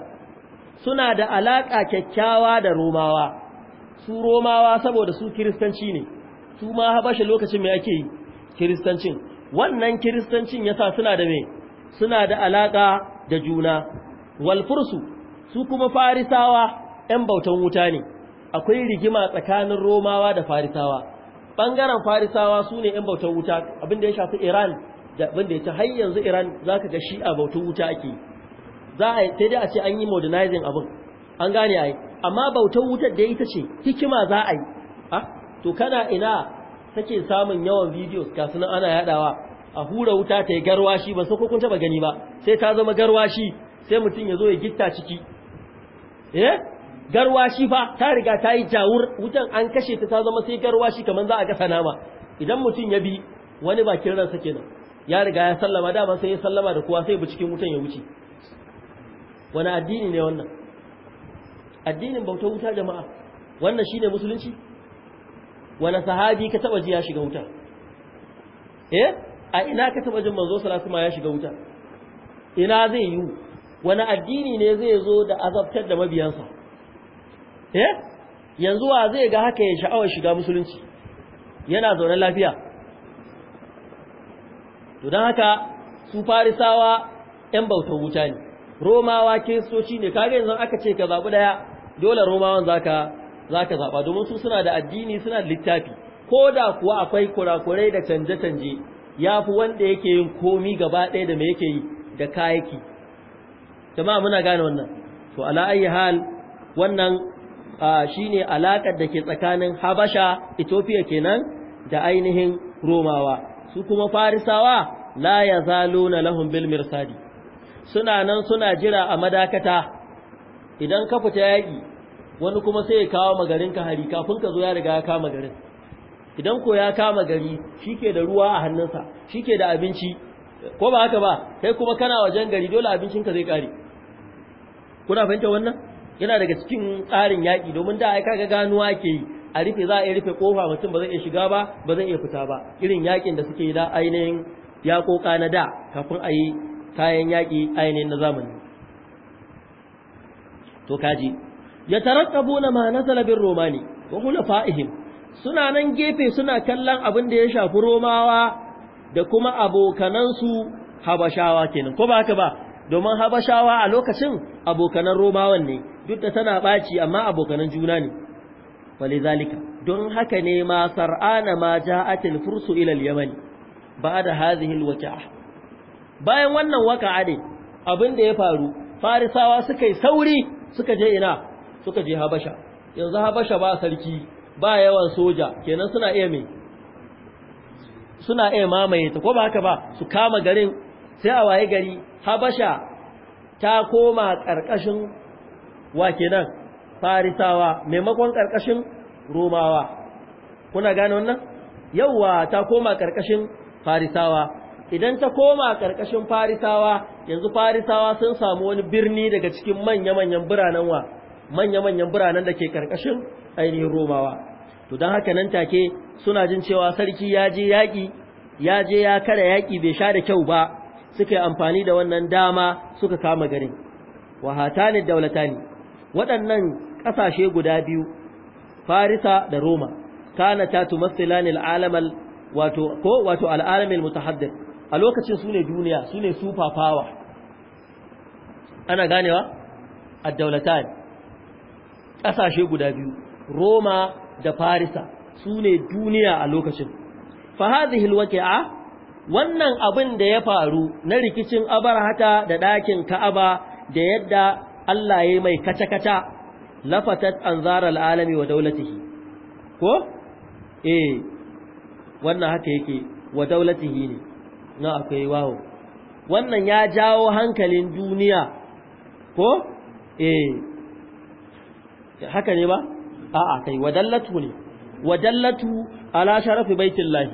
A: suna da alaka kyakkyawa da romawa su romawa saboda su kristanci ne su ma habasha lokacin me ake yi kristancin wannan kiristancin yasa suna da me suna da alaka da juna wal fursu su kuma farisawa ɗan bautan wuta ne akwai rigima tsakanin romawa da farisawa bangaren farisawa su ne ɗan bautan wuta abinda ya shafi iran da abinda ya ta har yanzu iran za ka ga shi a bautan wuta ake za a sai dai a ce an yi modernizing abin an gane ai amma bautan wutar da ita ce hikima za a yi ah, to kana ina take samun yawan videos kasu nan ana yadawa a hura wuta ta yi garwashi ba sako kun ba gani ba sai ta zama garwashi sai mutum ya zo ya gitta ciki eh garwashi fa ta riga ta yi jawur wutan an kashe ta ta zama sai garwashi kamar za a gasa nama idan mutum ya bi wani bakin ransa kenan ya riga ya sallama dama sai ya sallama da kowa sai bu cikin wutan ya wuce wani addini ne wannan addinin bautar wuta jama'a wannan shine musulunci wani sahabi ka taba ji ya shiga wuta eh a ina ka taba jin manzo sallallahu alaihi ya shiga wuta ina zai yi wani addini ne zai zo da azabtar da mabiyansa eh yanzu wa zai ga haka ya sha'awar shiga musulunci yana zaune lafiya to dan haka su farisawa 'yan bautar wuta ne romawa kiristoci ne kaga yanzu aka ce ka zaɓi ɗaya dole romawan za ka za ka zaɓa domin su suna da addini suna da littafi ko da kuwa akwai kurakurai da canje-canje ya fi wanda yake yin komi gaba ɗaya da mai yake yi da kayaki jama'a muna gane wannan to ala ayi hal wannan shine alakar da ke tsakanin habasha ethiopia kenan da ainihin romawa su kuma farisawa la na lahun bil mirsadi suna nan suna jira a madakata idan ka fita yaƙi wani kuma sai ya kawo magarin ka hari kafin ka zo ya riga ya kama garin idan ko ya kama gari shike da ruwa a hannunsa shike da abinci ko ba haka ba kai kuma kana wajen gari dole abincinka zai kare kuna fahimta wannan yana daga cikin tsarin yaƙi domin da ai kaga ganuwa ke yi a rufe za a iya rufe kofa mutum ba zai iya shiga ba ba zai iya fita ba irin yaƙin da suke da ainihin yaƙoƙa na da kafin a yi kayan yaƙi ainihin na zamani to kaji yataraqqabuna ma nazala bir romani wa khulafa'ihim suna nan gefe suna kallon abin da ya shafi romawa da kuma abokanansu habashawa kenan ko ba haka ba domin habashawa a lokacin abokanan romawan ne duk da tana baci amma abokanan juna ne walizalika don haka ne ma sar'ana ma ja'atil fursu ila al-yaman ba'da hadhihi al-waqi'a bayan wannan waka'a ne abin da ya faru farisawa suka yi sauri suka je ina suka je habasha yanzu habasha ba sarki ba yawan soja kenan suna iya mai suna iya mamaye ta ko ba haka ba su kama garin sai a waye gari habasha ta koma ƙarƙashin wa kenan farisawa maimakon ƙarƙashin romawa kuna gane wannan yauwa ta koma ƙarƙashin farisawa idan ta koma ƙarƙashin farisawa yanzu farisawa sun samu wani birni daga cikin manya-manyan biranen wa manya-manyan biranen da ke karkashin ainihin romawa to don haka nan take suna jin cewa sarki ya je yaƙi ya je ya kare yaƙi bai sha da kyau ba suka yi amfani da wannan dama suka kama garin wahatani daulatani waɗannan ƙasashe guda biyu farisa da roma kana ta tumassilani al'alamal wato ko wato mutahaddir a lokacin ne duniya sune super power ana ganewa a daulatan ƙasashe guda biyu roma da farisa su ne duniya a lokacin fahadhihi alwaqi'a wannan abin da ya faru na rikicin abarhata da ɗakin ka'aba da yadda Allah ya mai kaca-kaca lafatat anzar alalami wa daulatihi ko eh wannan haka yake wa daulatihi ne na akwai wawo wannan ya jawo hankalin duniya ko eh haka ne ba a'a kai wadallatu ne wadallatu ala sharafi baitillahi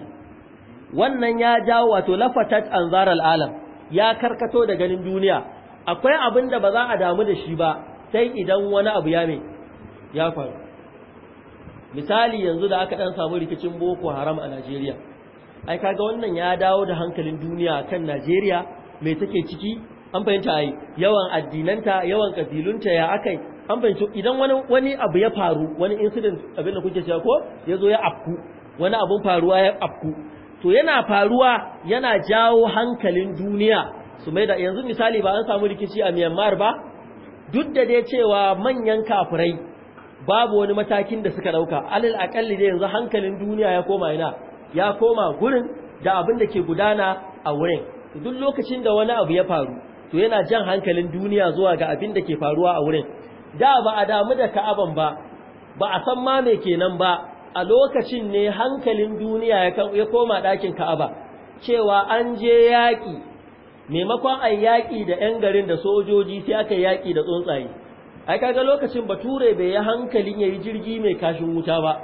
A: wannan ya jawo wato lafatat anzar alalam ya karkato da ganin duniya akwai abin da ba za a damu da shi ba sai idan wani abu ya ya faru misali yanzu da aka dan samu rikicin boko haram a Najeriya ai kaga wannan ya dawo da hankalin duniya kan Najeriya me take ciki an fahimta yawan addinanta yawan kabilunta ya akai an fahimci idan wani abu ya faru wani incident abin da kuke cewa ko ya zo ya afku wani abun faruwa ya afku to yana faruwa yana jawo hankalin duniya su mai da yanzu misali ba an samu rikici a Myanmar ba duk da dai cewa manyan kafirai babu wani matakin da suka dauka alal akalli da yanzu hankalin duniya ya koma ina ya koma gurin da abin da ke gudana a wurin duk lokacin da wani abu ya faru to yana jan hankalin duniya zuwa ga abin da ke faruwa a wurin da ba a damu da ka'aban ba ba a san ma mai kenan ba a lokacin ne hankalin duniya ya koma ɗakin ka'aba cewa an je yaƙi maimakon a yaƙi da 'yan garin da sojoji sai aka yaƙi da tsuntsaye ai kaga lokacin bature bai yi hankalin ya yi jirgi mai kashin wuta ba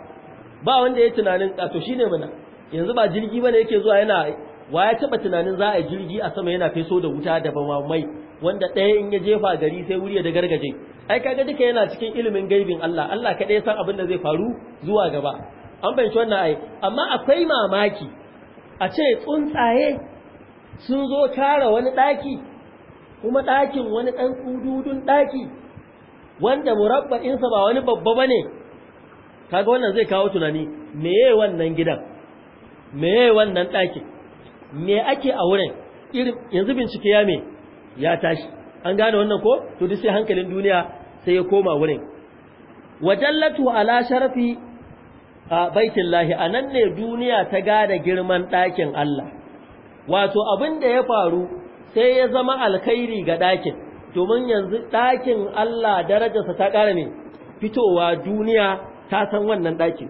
A: ba wanda ya tunanin to shine mana yanzu ba jirgi bane yake zuwa yana wa ya taɓa tunanin za a jirgi a sama yana feso da wuta da bamamai wanda ɗaya in ya jefa gari sai wuri da gargaje ai kaga duka yana cikin ilimin gaibin Allah Allah kaɗai san abin da zai faru zuwa gaba an fahimci wannan ai amma akwai mamaki a ce tsuntsaye sun zo kare wani ɗaki kuma ɗakin wani ɗan kududun ɗaki wanda murabba'insa ba wani babba ba kaga wannan zai kawo tunani meye wannan gidan meye wannan ɗakin me ake a wurin irin yanzu bincike ya me ya tashi an gane wannan ko to duk sai hankalin duniya sai ya koma wurin wajallatu ala sharafi a a anan ne duniya ta gane girman ɗakin Allah wato abin da ya faru sai ya zama alkhairi ga ɗakin domin yanzu ɗakin Allah darajarsa ta ƙara ne fitowa duniya ta san wannan ɗakin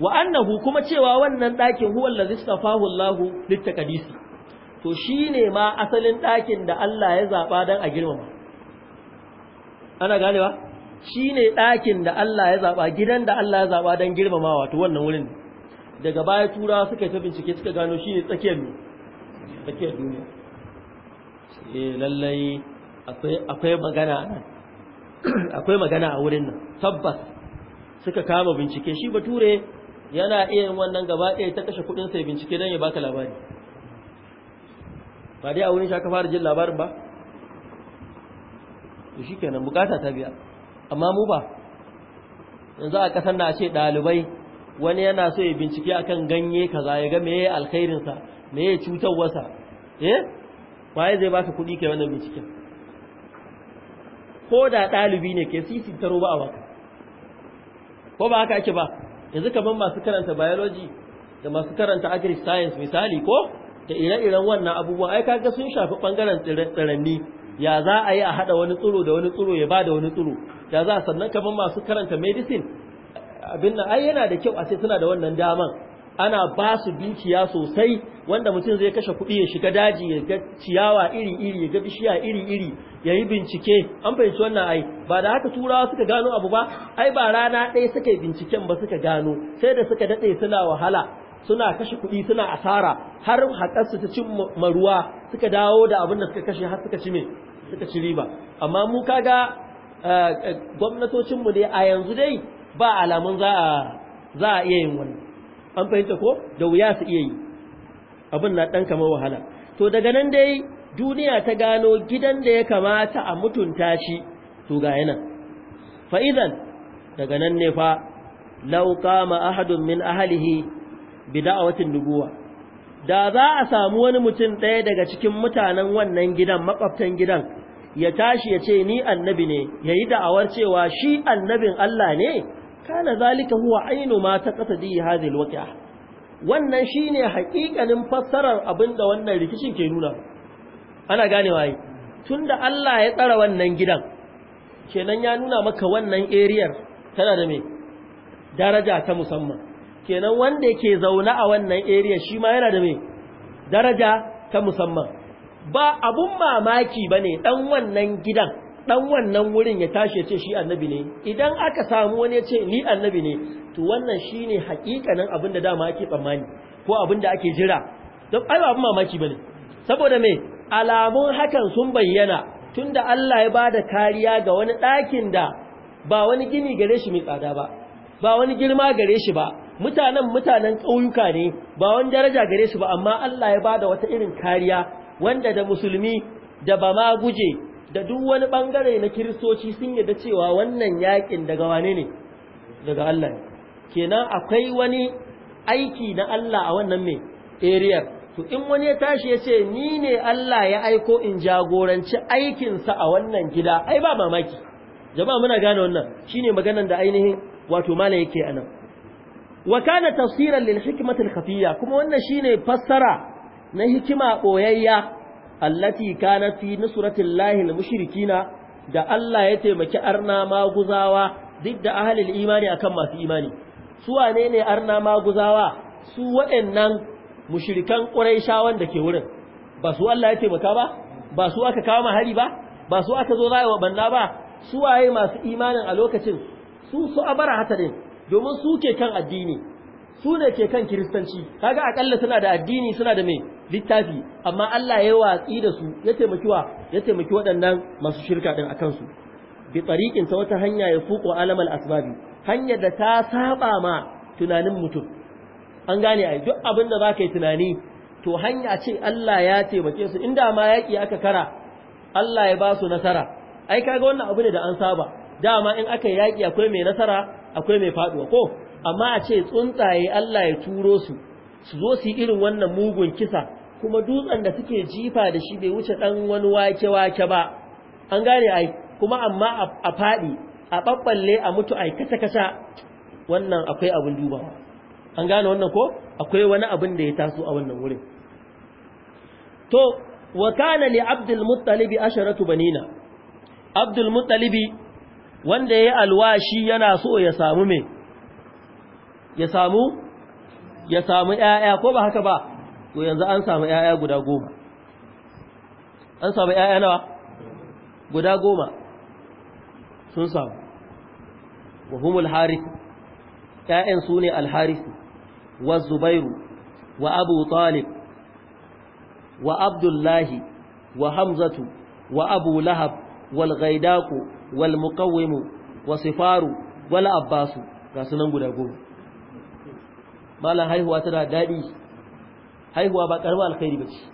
A: wa annahu kuma cewa wannan ɗakin huwa allazi safahu Allahu to shi ne ma asalin ɗakin da Allah ya zaɓa don a girmama ana ganewa shi ne ɗakin da Allah ya zaɓa gidan da Allah ya zaɓa don girmamawa to wannan wurin daga baya tura suka yi ta bincike suka gano shi ne tsakiyar tsakiyar duniya eh lallai akwai magana [CLEARS THROAT] akwai magana a wurin nan tabbas suka kama bincike shi bature yana iya yin wannan gaba ɗaya ta kashe kuɗin sai bincike don ya baka labari ba dai a wurin shi aka fara jin labarin ba to kenan bukata ta biya amma mu ba yanzu a kasar na ce dalibai wani yana so ya bincike akan ganye kaza ya ga meye alkhairin sa meye cutarwar sa eh waye zai baka kuɗi kai wannan binciken ko da dalibi ne ke sisi taro ba a waka ko ba haka ake ba yanzu kaman masu karanta biology da masu karanta agri science misali ko da ire-iren wannan abubuwan ai kaga sun shafi bangaren tsiranni ya za a yi a hada wani tsiro da wani tsiro ya bada wani tsiro ya za sannan ban masu karanta medicine abin nan ai yana da kyau a sai suna da wannan daman ana ba su dukiya sosai wanda mutum zai kashe kuɗi ya shiga daji ya ga ciyawa iri-iri ya ga bishiya iri-iri ya yi bincike an fahimci wannan ai ba da haka turawa suka gano abu ba ai ba rana ɗaya suka yi binciken ba suka gano sai da suka daɗe suna wahala suna kashe kuɗi suna asara har haƙarsu ta cin maruwa suka dawo da abin da suka kashe har suka ci me suka ci riba amma mu kaga eh, eh, gwamnatocinmu dai a yanzu dai ba alamun za a za a iya yin wannan an fahimta ko da wuya su iya yi abin na ɗan kamar wahala to daga nan dai duniya ta gano gidan da ya kamata a mutunta shi to ga yana fa'idan daga nan ne fa lau kama ahadun min ahalihi bi da'awatin nubuwa da za a samu wani mutum ɗaya daga cikin mutanen wannan gidan makwabtan gidan ya tashi ya ce ni annabi ne yayi da'awar cewa shi annabin Allah ne kana zalika huwa ainu ma ta qasadi hadhihi alwaqi'a wannan shine haƙiƙanin fassarar abinda wannan rikicin ke nuna ana ganewa yi tunda Allah ya tsara wannan gidan kenan ya nuna maka wannan area tana da me daraja ta musamman kenan wanda yake zaune a wannan area shi ma yana da mai daraja ta musamman ba abun mamaki bane dan wannan gidan dan wannan wurin ya tashi ce shi annabi ne idan aka samu wani ya ce ni annabi ne to wannan shine hakikanin abin da dama ake tsammani ko abin da ake jira don ai abun mamaki bane saboda mai alamun hakan sun bayyana tunda Allah ya bada kariya ga wani ɗakin da ba wani gini gare shi mai tsada ba ba wani girma gare shi ba mutanen mutanen ƙauyuka ne ba wani daraja gare su ba amma Allah ya bada wata irin kariya wanda da musulmi da ba ma guje da duk wani bangare na kiristoci sun yadda cewa wannan yakin daga wane ne daga Allah ne kenan akwai wani aiki na Allah a wannan mai area to in wani ya tashi ya ce ni ne Allah ya aiko in jagoranci aikinsa a wannan gida ai ba mamaki jama'a muna gane wannan shine maganar da ainihin wato mala yake anan wa kana tafsiran lil hikmatil khafiyya kuma wannan shine fassara na hikima boyayya allati kanat na suratullahi na mushrikina da Allah ya taimaki arna maguzawa duk da ahlul imani akan masu imani su wane arna maguzawa su waɗannan mushrikan quraishawan da ke wurin ba su Allah ya taimaka ba ba su aka kama hari ba ba su aka zo zai wa banna ba su waye masu imanin a lokacin su su abara hata din domin su ke kan addini su ne ke kan kiristanci kaga akalla suna da addini suna da mai littafi amma Allah ya yi watsi da su ya taimaki ya taimaki waɗannan masu shirka din akan su bi tariqin ta wata hanya ya fuko alamal asbabi hanyar da ta saba ma tunanin mutum an gane ai duk abin da zaka yi tunani to hanya ce Allah ya taimake su inda ma yaki aka kara Allah ya ba su nasara ai kaga wannan abu ne da an saba dama in aka yaki akwai mai nasara akwai mai faduwa ko amma a ce tsuntsaye Allah ya turo su su zo su irin wannan mugun kisa kuma dutsen da suke jifa da shi bai wuce dan wani wake wake ba an gane ai kuma amma a fadi a babballe a mutu ai kasa kasa wannan akwai abin dubawa an gane wannan ko akwai wani abin da ya taso a wannan wurin to wa kana li abdul muttalib asharatu banina abdul muttalibi wanda ya yi alwashi yana so ya samu me ya samu ya samu ƴaƴa ko ba haka ba to yanzu an samu ƴaƴa guda goma an samu ƴaƴa nawa guda goma sun samu wa humul harith ƴaƴan su ne al-harith wa zubairu wa abu talib wa abdullahi wa hamzatu wa abu lahab wal ghaidaqu wal muqawwimu wa sifaru wal abbasu ga sunan guda goma malan haihuwa tana dadi haihuwa ba karba alkhairi ce.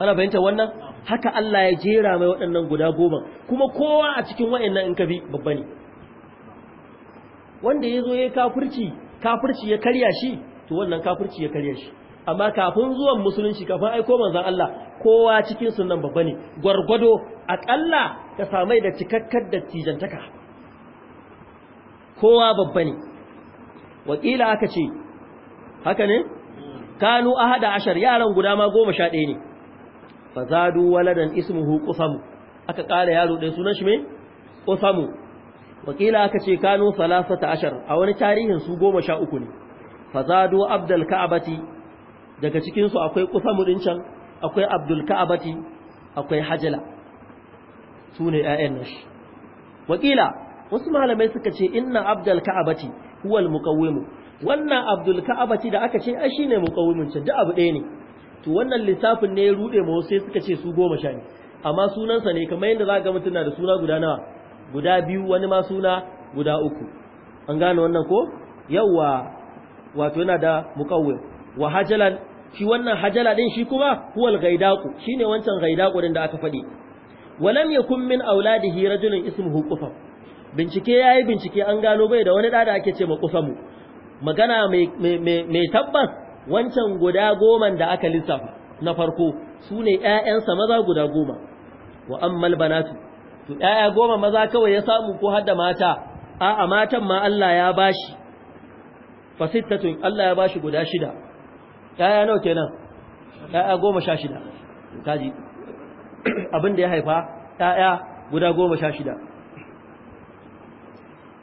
A: ana bayanta wannan haka Allah ya jera mai waɗannan guda goma kuma kowa a cikin waɗannan in ka bi babba ne wanda ya zo ya kafirci kafurci ya karya shi to wannan kafurci ya karya shi amma kafin zuwan musulunci kafin aiko manzan Allah kowa cikin sunan babba ne gwargwado akalla ka samai da cikakkar dattijantaka kowa babba ne wakila aka ce haka ne kanu ahada ashar yaran guda ma goma sha ɗaya ne fazadu waladan ismuhu kusamu aka ƙara yaro ɗaya sunan shi me Kusamu. wakila aka ce kanu salasata ashar a wani tarihin su goma sha uku ne fazadu abdal ka'abati daga cikinsu akwai kusa ɗin akwai abdul ka'abati akwai hajala su ne ‘ya'yan nashi wakila wasu malamai suka ce inna abdul ka'abati huwal muqawwimu wannan abdul ka'abati da aka ce ai shine muqawwimin can duk abu ɗaya ne to wannan lissafin ne ya rude ma wasu suka ce su goma sha ne amma sunansa ne kamar yadda za ga mutum na da suna guda nawa guda biyu wani ma suna guda uku an gane wannan ko yawwa wato yana da muqawwim wa hajalan shi wannan hajala din shi kuma huwal gaidaqu shine wancan gaidaqu din da aka fadi walam yakun min auladihi rajulun ismuhu qufam bincike yayi bincike an gano bai da wani da da ake ce ma qufamu magana mai mai tabbas wancan guda goman da aka lissafa na farko sune ƴaƴansa maza guda goma wa ammal banatu to ƴaƴa goma maza kawai ya samu ko har da mata a'a matan ma Allah ya bashi fasittatun Allah ya bashi guda shida Ƴaƴa nawa kenan Ƴaƴa goma sha shida kaji abinda ya haifa ƴaƴa guda goma sha shida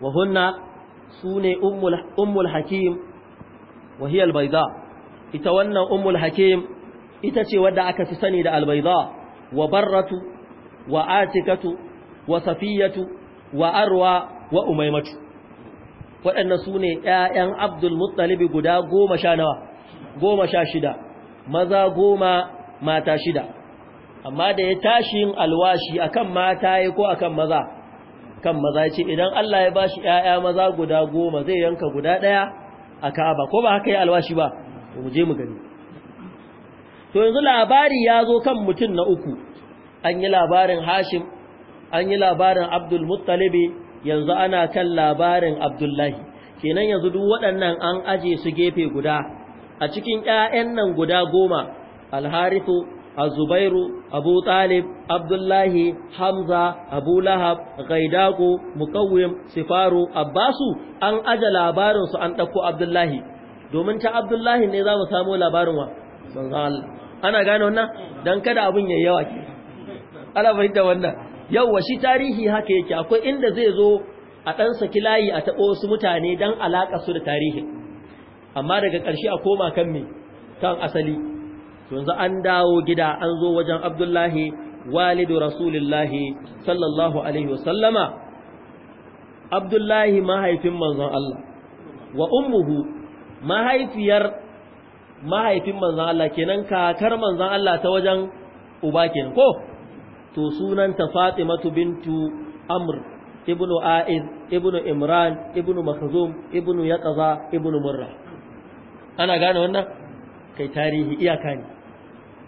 A: wa hunna su ne ummul hakim wa hiya albayda ita wannan ummul hakim ita ce wadda aka fi sani da albayda wa barratu wa atikatu wa safiyatu wa arwa wa umaimatu waɗannan su ne ‘ya'yan abdulmuttalibi guda goma sha nawa goma sha shida maza goma mata shida amma da ya tashi yin alwashi a kan mata ya ko a kan maza kan maza ya ce idan Allah ya bashi ‘ya'ya maza guda goma zai yanka guda ɗaya a ka'aba ko ba haka yi alwashi ba mu je mu gani to yanzu labari ya zo kan mutum na uku an yi labarin hashim an yi labarin abdul muttalibi yanzu ana kan labarin abdullahi kenan yanzu duk waɗannan an aje su gefe guda a cikin ƴaƴan nan guda goma Alharifu, azubairu abu talib abdullahi hamza abu lahab gaidaku mukawwim sifaru abbasu an aja labarinsu an ɗauko abdullahi domin ta abdullahi ne za mu samu labarin wa ana gane wannan don kada abin yayi yawa ke ana fahimta wannan wa shi tarihi haka yake akwai inda zai zo a ɗan saki layi a taɓo wasu mutane don alaƙa su da tarihin amma daga ƙarshe a koma kan me kan asali yanzu an dawo gida an zo wajen abdullahi walidu rasulillahi sallallahu alaihi wasallama abdullahi mahaifin manzon Allah wa ummuhu mahaifiyar mahaifin manzon Allah kenan kakar manzon Allah ta wajen uba kenan ko to sunanta fatimatu bintu amr ibnu aiz ibnu imran ibnu makhzum ibnu yaqza ibnu murrah ana gane wannan kai tarihi iyaka ne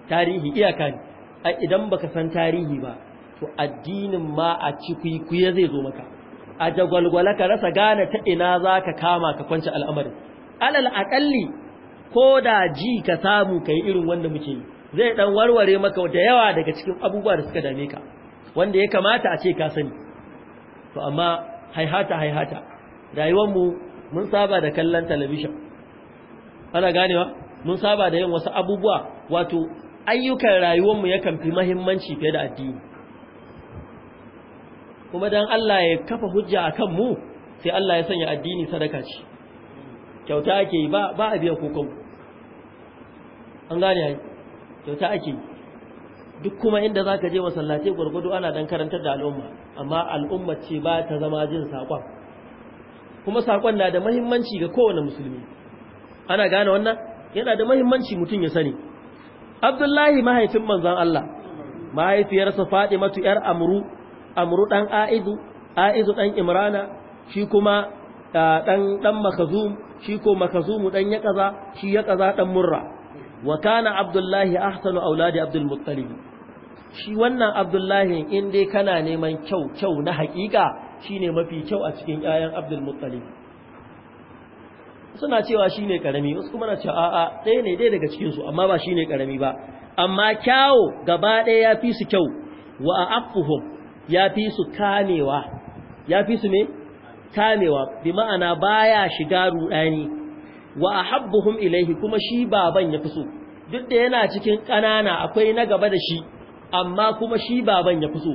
A: tarihi iyaka ne a idan baka san tarihi ba to addinin ma a cikikuye zai zo maka a jagwalgwala ka rasa gane ta ina zaka kama ka kwance al'amarin alal aqalli ko da ji ka samu kai irin wanda muke yi zai ɗan warware maka da yawa daga cikin abubuwa da suka dame ka wanda ya kamata a ce ka sani to amma haihata haihata mu mun saba da kallon talabijin. ana ganewa mun saba da yin wasu abubuwa wato ayyukan rayuwarmu yakan fi mahimmanci fiye da addini kuma dan Allah ya kafa hujja a kanmu, sai Allah ya sanya addini sadaka ce kyauta ake yi ba a biya kokon an gane ai kyauta ake yi duk kuma inda zaka je masallaci gurgudu ana dan karantar da al'umma amma al'umma ce ba ta zama jin sakon kuma sakon na da muhimmanci ga kowane musulmi ana gane wannan yana da mahimmanci mutum ya sani abdullahi mahaifin manzon Allah mahaifiyarsa fadimatu yar amru amru dan aidu aidu dan imrana shi kuma dan dan ɗan shi ko makhzum dan ya kaza shi ya kaza dan murra wa kana abdullahi ahsanu auladi abdul muttalib shi wannan abdullahi in dai kana neman kyau kyau na hakika shine mafi kyau a cikin ƴaƴan abdul muttalib suna cewa shi ne ƙarami wasu kuma na cewa a'a ɗaya ne ɗaya daga cikinsu amma ba shi ne ƙarami ba amma kyawo gaba ɗaya ya fi su kyau wa a afuhum ya fi su kamewa ya fi su ne kamewa bi ma'ana baya shiga ruɗani wa a ilaihi kuma shi baban ya fi so duk da yana cikin ƙanana akwai na gaba da shi amma kuma shi baban ya fi so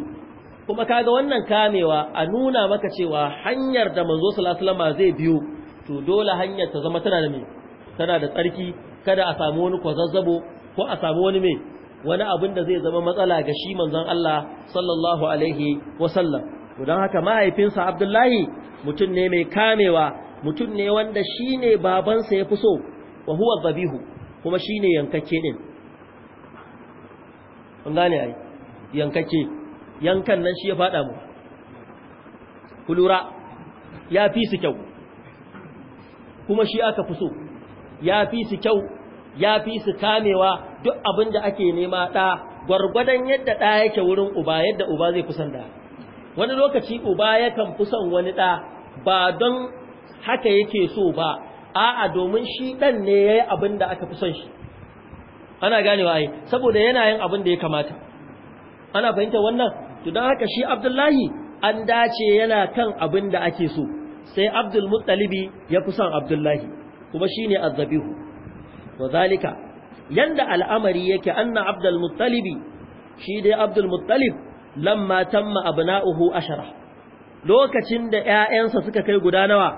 A: kuma kaga wannan kamewa a nuna maka cewa hanyar da manzo sallallahu alaihi zai biyo to dole hanyar ta zama tana da me tana da tsarki kada a samu wani kwazazzabo ko a samu wani me wani abin da zai zama matsala ga shi manzon Allah sallallahu alaihi wasallam don haka mahaifinsa Abdullahi mutum ne mai kamewa mutum ne wanda shine babansa ya fi so wa huwa zabihu kuma shine yankake din kun gane ai yankake yankan nan shi ya fada mu kulura ya fi su kyau kuma shi aka fi so ya fi su kyau ya fi su kamewa duk abin da ake nema ɗa gwargwadon yadda ɗa yake wurin uba yadda uba zai kusan da wani lokaci uba yakan kusan wani ɗa ba don haka yake so ba a'a domin shi ɗan ne ya yi abin da aka fi son shi ana ganewa ai saboda yana yin abin da ya kamata ana fahimtar wannan to don haka shi abdullahi an dace yana kan abin da ake so sai abdul muttalibi ya fi son abdullahi kuma shine azzabihu wa zalika yanda al'amari yake anna abdul muttalibi shi dai abdul muttalib lamma tamma abna'uhu ashara lokacin da 'ya'yansa suka kai guda nawa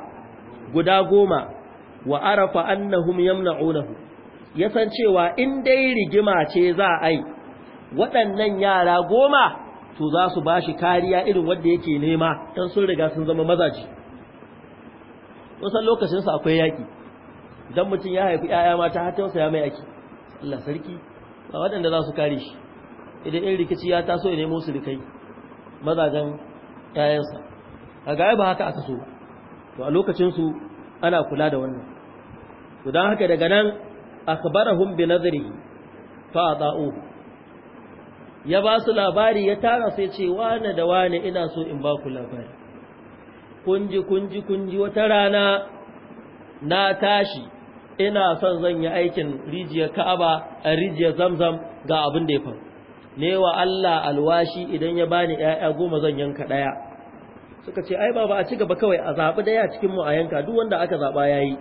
A: guda goma wa arafa annahum yamna'unahu yasan cewa in dai rigima ce za a yi waɗannan yara goma to za su ba shi kariya irin wanda yake nema don sun riga sun zama mazaji kusan lokacin sa akwai yaki dan mutun ya haifi yaya mata har ya mai yaki Allah sarki ba wadanda za su kare shi idan in rikici ya taso ya nemo su rikai mazajen yayansa ga ba haka aka so to a lokacin su ana kula da wannan to dan haka daga nan akbarahum bi nadrihi fa da'u ya ba su labari ya tara sai ce wane da wane ina so in ba ku labari kunji kunji kunji wata rana na tashi ina son zan yi aikin rijiyar Ka'aba a rijiyar Zamzam ga abin da ya faru ne wa Allah alwashi idan ya bani ƴaƴa goma zan yanka daya suka ce ai baba a ci gaba kawai a zabi daya cikin mu a yanka duk wanda aka zaba yayi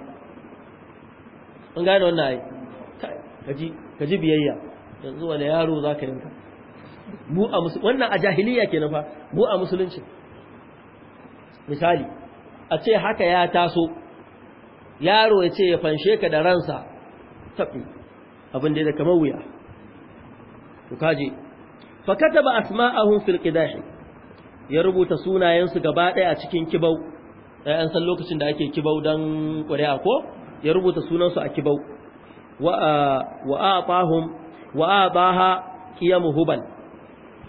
A: an gane wannan ai kaji kaji biyayya yanzu wani yaro zaka yanka mu a wannan a jahiliya kenan fa mu a musulunci misali a ce haka ya taso yaro ya ce ya fanshe ka da ransa tafi abin da ya da kamar wuya to kaje fa kataba asma'ahum fil qidah ya rubuta sunayensu gaba ɗaya a cikin kibau eh, an san lokacin da ake kibau dan ƙuri'a ko ya rubuta sunansu a kibau wa wa aqahum wa aqaha hubal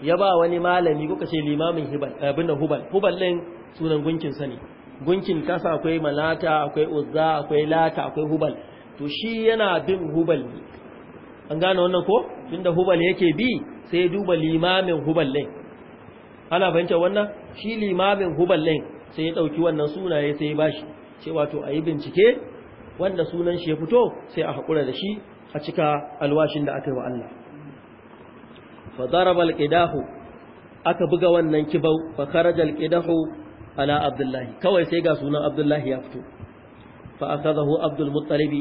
A: ya ba wani malami kuka ce limamin hubal eh, abinda hubal hubal din sunan gunkin sani gunkin kasa akwai Malata, akwai uzza akwai lata akwai hubal to shi yana bin hubal ne an gane wannan ko tunda hubal yake bi sai duba limamin hubal din ana fahimta wannan shi limamin hubal din sai ya dauki wannan sunaye sai ya bashi to a ayi bincike wanda sunan shi ya fito sai a hakura da shi a cika alwashin da aka yi wa Allah fa darabal qidahu aka buga wannan kibau fa kharajal qidahu ala abdullahi kawai sai ga sunan abdullahi ya fito fa akhadahu abdul muttalib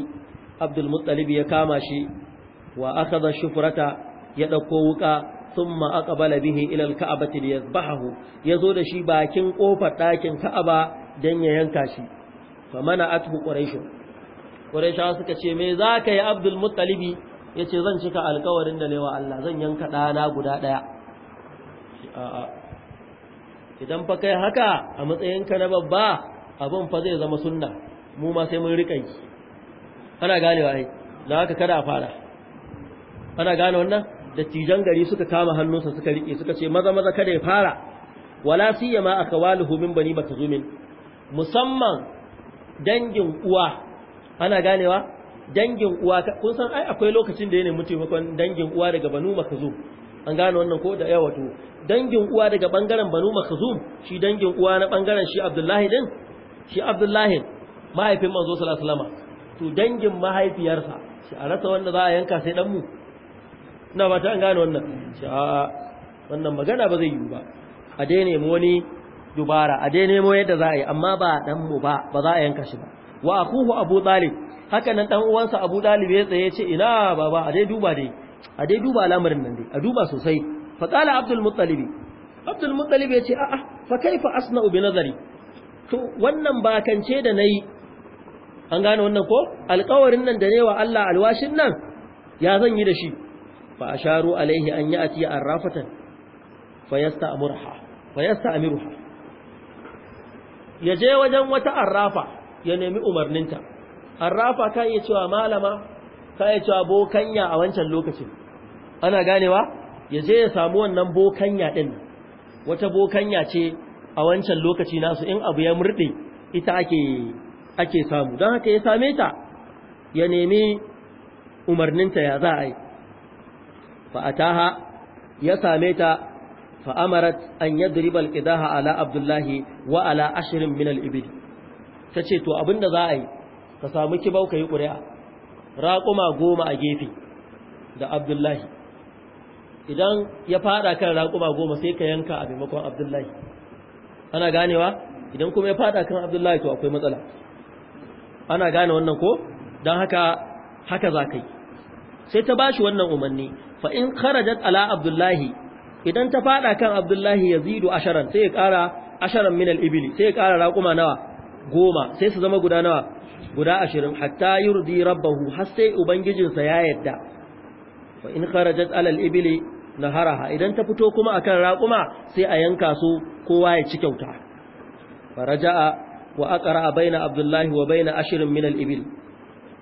A: abdul ya kama shi wa akhadha shufurata ya ɗauko wuka thumma aqbala bihi ya bahahu ya zo da shi bakin ƙofar dakin ka'aba dan ya yanka shi fa mana'athu quraish quraish suka ce me ka yi abdul Ya yace zan cika alkawarin da wa Allah zan yanka dana guda ɗaya. a'a idan fa kai haka a matsayinka na babba abin fa zai zama sunna mu ma sai mun rika yi ana ganewa ai da haka kada a fara ana gane wannan dattijan gari suka kama hannunsa suka rike suka ce maza maza kada ya fara wala siyama akwaluhu min bani bakzumin musamman dangin uwa ana ganewa dangin uwa kun san ai akwai lokacin da mutum mutumakon dangin uwa daga banu makazum an gane wannan ko da yawa to dangin uwa daga bangaren banu makhzum shi dangin uwa na bangaren shi abdullahi din shi abdullahi mahaifin manzo sallallahu alaihi wasallam to dangin mahaifiyarsa shi a rasa wanda za a yanka sai dan mu ina ba ta an gane wannan shi a wannan magana ba zai yi ba a dai nemi wani dubara a dai nemo yadda za a yi amma ba dan mu ba ba za a yanka shi ba wa akuhu abu talib haka nan dan uwansa abu talib ya tsaye ce ina baba a dai duba dai a dai duba al'amarin nan dai a duba sosai fa qala abdul muttalib abdul muttalib yace a a fa kaifa asna'u bi nazari to wannan ba kance da nayi an gane wannan ko alƙawarin nan da newa Allah alwashin nan ya zan yi da shi fa asharu alaihi an ya'ti arrafatan fa yasta'murha fa yasta'miruha ya je wajen wata arrafa ya nemi umarninta arrafa kan iya cewa malama ka ya cewa bokanya a wancan lokacin ana ganewa ya je ya samu wannan bokanya din wata bokanya ce a wancan lokaci nasu in abu ya murde ita ake samu don haka ya same ta ya nemi umarninta ya za a yi fa'ataha ya same ta fa'amarat an ribar idaha ala abdullahi wa ala ashrin min al-ibil tace to abinda za a yi ka samu kibau kai ƙuri'a raƙuma goma a gefe da abdullahi idan ya fada kan raƙuma goma sai ka yanka a maimakon abdullahi ana ganewa idan kuma ya fada kan abdullahi to akwai matsala ana gane wannan ko don haka haka za ka yi sai ta bashi wannan umarni fa in kharajat ala abdullahi idan ta fada kan abdullahi ya zidu ashirin sai ya kara ashirin min al-ibli sai ya kara raquma nawa goma sai su zama guda nawa guda ashirin hatta yurdi rabbahu har sai ubangijinsa ya yadda fa in kharajat alal ibli naharaha idan ta fito kuma akan raƙuma sai a yanka su kowa ya ci kyauta faraja'a wa aqra baina abdullahi wa baina ashirin min al ibil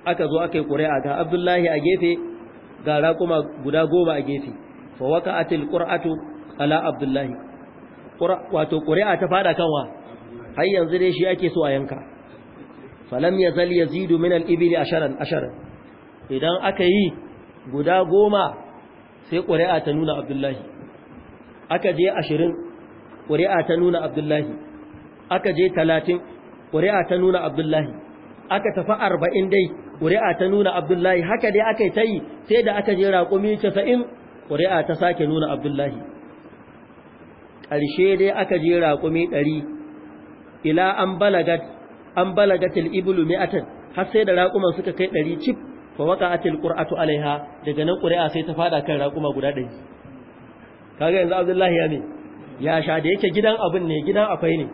A: aka zo akai qur'a ga abdullahi a gefe ga raƙuma guda goma a gefe fa waqa'atil qur'atu ala abdullahi wato qur'a ta fada kanwa har yanzu dai shi ake so a yanka falam ya zal ya zidu min al'ibili ashirin asharan idan aka yi guda goma sai ƙuri'a ta nuna abdullahi aka je ashirin ƙuri'a ta nuna abdullahi aka je talatin ƙuri'a ta nuna abdullahi aka tafi arba'in dai ƙuri'a ta nuna abdullahi haka dai aka yi ta yi sai da aka je raƙumi casa'in ƙuri'a ta sake nuna abdullahi ƙarshe dai aka je raƙumi ɗari ila an balagat an balaga til iblu mi'atan har sai da raƙuman suka kai ɗari cif fa waqa'atil qur'atu alaiha daga nan ƙuri'a sai ta fada kan raƙuma guda ɗari kaga yanzu Abdullahi ya ne ya sha da yake gidan abin ne gidan akwai ne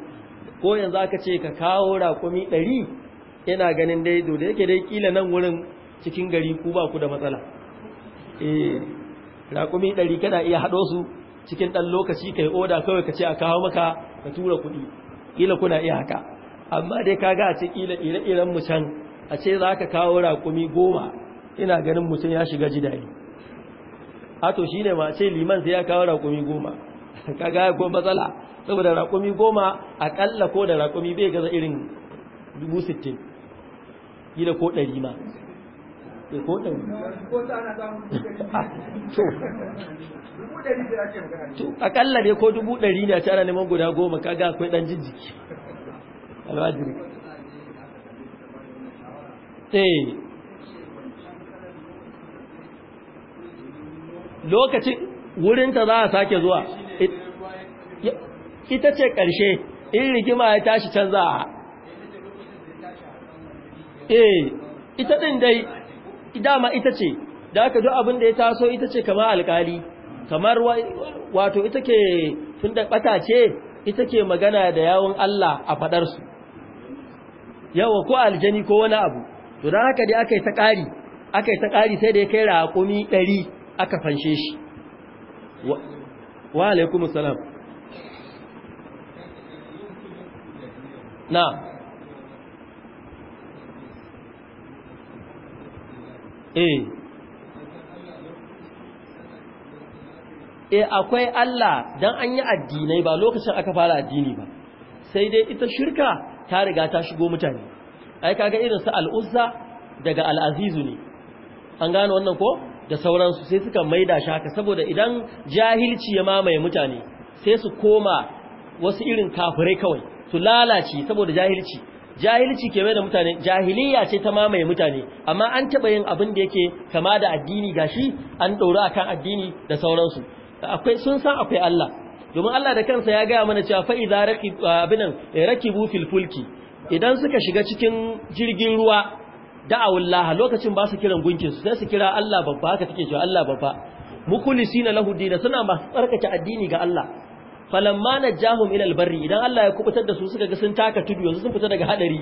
A: ko yanzu aka ce ka kawo raƙumi ɗari ina ganin dai da yake dai kila nan wurin cikin gari ku ba ku da matsala eh raƙumi ɗari kana iya haɗo su cikin ɗan lokaci kai oda kawai ka ce a kawo maka ka tura kuɗi kila kuna iya haka amma dai kaga a ce kila ire-iren mutan can a ce za ka kawo raƙumi goma ina ganin mutum ya shiga jidali a to shi ne ma ce liman sai ya kawo raƙumi goma kaga ya ko matsala saboda raƙumi goma aƙalla ko da raƙumi bai gaza irin dubu sittin gida ko ɗari ma eh, ko [LAUGHS] aƙalla ne ko dubu ɗari ne a cara neman guda goma kaga akwai ɗan jijjiki alwajiri eh lokacin wurinta za a sake zuwa ita ce ƙarshe in rigima ya tashi can za a eh ita ɗin dai ma ita ce da aka duk abin da ya taso ita ce kamar alkali kamar wato ita ke tun da ɓata ce ita ke magana da yawon Allah a faɗarsu yawa ko aljani ko wani abu to don haka dai aka yi ta ƙari akai ta kari sai da ya kai raƙumi ɗari aka fanshe shi wa alaikum salam na eh eh akwai Allah dan an yi addinai ba lokacin aka fara addini ba sai dai ita shirka ta riga ta shigo mutane ai kaga irin su al'uzza daga al'azizu ne an gane wannan ko da sauransu sai suka maida shi haka saboda idan jahilci ya mamaye mutane sai su koma wasu irin kafirai kawai su lalace saboda jahilci jahilci ke mai da mutane jahiliya ce ta mamaye mutane amma an taɓa yin abin da yake kama da addini gashi an ɗora akan addini da sauransu akwai sun san akwai Allah domin Allah da kansa ya gaya mana cewa fa idza rakibu abinan eh, rakibu fil fulki idan suka shiga cikin jirgin ruwa da'awullah lokacin ba su kiran gunkin su sai su kira Allah babba haka take cewa Allah babba mukhlisina lahu dina suna masu tsarkake addini ga Allah falamma najahum ila albarri idan Allah ya kubutar da su suka ga sun taka tudu yanzu sun fita daga hadari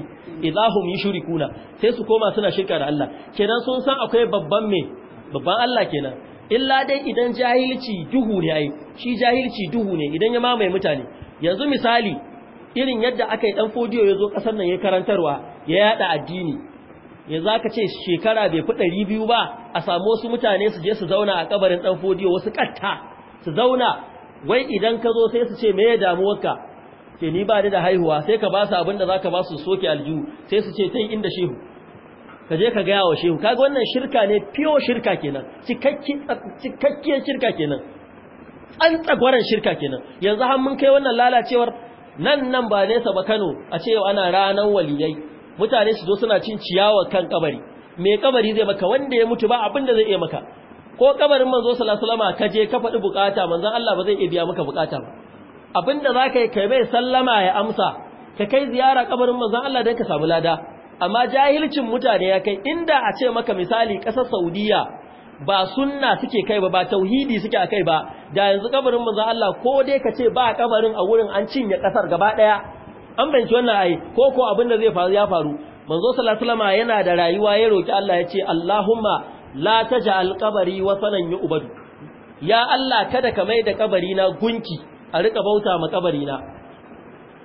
A: idahum yushrikuna sai su koma suna shirka da Allah kenan sun san akwai babban me babban Allah kenan illa dai idan jahilci duhu ne ai shi jahilci duhu ne idan ya mamaye mutane yanzu misali irin yadda aka yi dan fodiyo ya zo kasar nan ya karantarwa ya yada addini ya za ce shekara bai fi ɗari biyu ba a samu wasu mutane su je su zauna a kabarin dan fodiyo wasu katta su zauna wai idan ka zo sai su ce me ya damuwarka ke ni ba da haihuwa sai ka ba su abin da za ka ba su soke aljihu sai su ce ta inda shehu ka je ka gaya wa shehu kaga wannan shirka ne fiyo shirka kenan cikakkiyar shirka kenan an tsagwaran shirka kenan yanzu har mun kai wannan lalacewar nan nan ba nesa ba Kano a ce yau ana ranan waliyai mutane su zo suna cin ciyawa kan kabari me kabari zai maka wanda ya mutu ba abin da zai iya maka ko kabarin manzo sallallahu alaihi wasallam ka je ka faɗi bukata manzon Allah ba zai iya biya maka bukata ba abinda zaka yi kai mai sallama ya amsa ka kai ziyara kabarin manzon Allah dan ka samu lada amma jahilcin mutane ya kai inda a ce maka misali ƙasar saudiya ba sunna suke kai ba ba tauhidi suke kai ba da yanzu kabarin manzon Allah ko dai ka ce ba kabarin a wurin an cinye ƙasar gaba ɗaya an banci wannan ai ko ko abin da zai faru ya faru manzo sallallahu alaihi yana da rayuwa ya roki Allah ya ce Allahumma la taj'al qabri sanan yu'badu ya Allah kada ka mai da kabari na gunki a rika bauta ma kabari na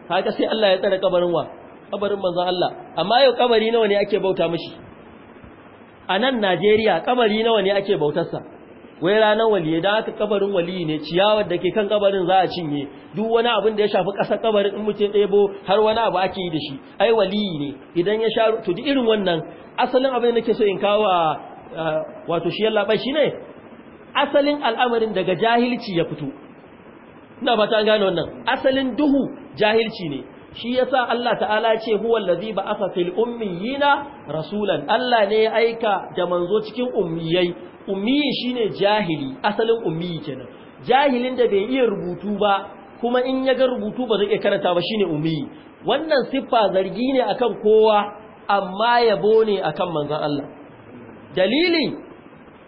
A: haka sai Allah ya tsare kabarin wa kabarin manzon Allah amma yau kabari nawa ne ake bauta mishi a nan Najeriya kabari nawa ne ake bautarsa wai ranar waliye da aka kabarin waliyi ne ciyawar da ke kan kabarin za a cinye duk wani abin da ya shafi ƙasar kabarin in mutum ɗebo har wani abu ake yi da shi ai waliyi ne idan ya sha to duk irin wannan asalin abin da nake so in kawo wato shi Allah bai shine asalin al'amarin daga jahilci ya fito ina ba ta gane wannan asalin duhu jahilci ne shi yasa Allah ta'ala ya ce huwa allazi ba'atha fil ummiyina rasulan Allah ne ya aika da manzo cikin ummiyai ummiyi shine jahili asalin ummiyi kenan jahilin da bai iya rubutu ba kuma in ya ga rubutu ba zai iya karanta ba shine ummiyi wannan siffa zargi ne akan kowa amma yabo ne akan manzon Allah dalili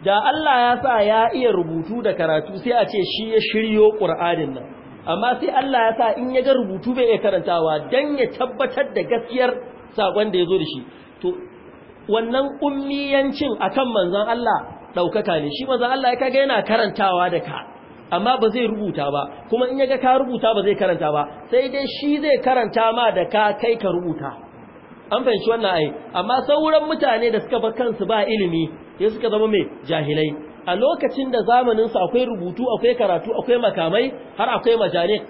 A: da Allah ya sa ya iya rubutu da karatu sai a ce shi ya shiryo Qur'anin nan amma sai Allah ya sa in ya ga rubutu bai iya karantawa dan ya tabbatar da gaskiyar sakon da ya zo da shi to wannan a kan manzon Allah ɗaukaka ne shi manzon Allah ya kaga yana karantawa da ka amma ba zai rubuta ba kuma in ya ga ka rubuta ba zai karanta ba sai dai shi zai karanta ma da ka kai ka rubuta an fahimci wannan ai amma sauran mutane da suka bar kansu ba ilimi sai suka zama mai jahilai a lokacin da zamaninsu akwai rubutu akwai karatu akwai makamai har akwai majanik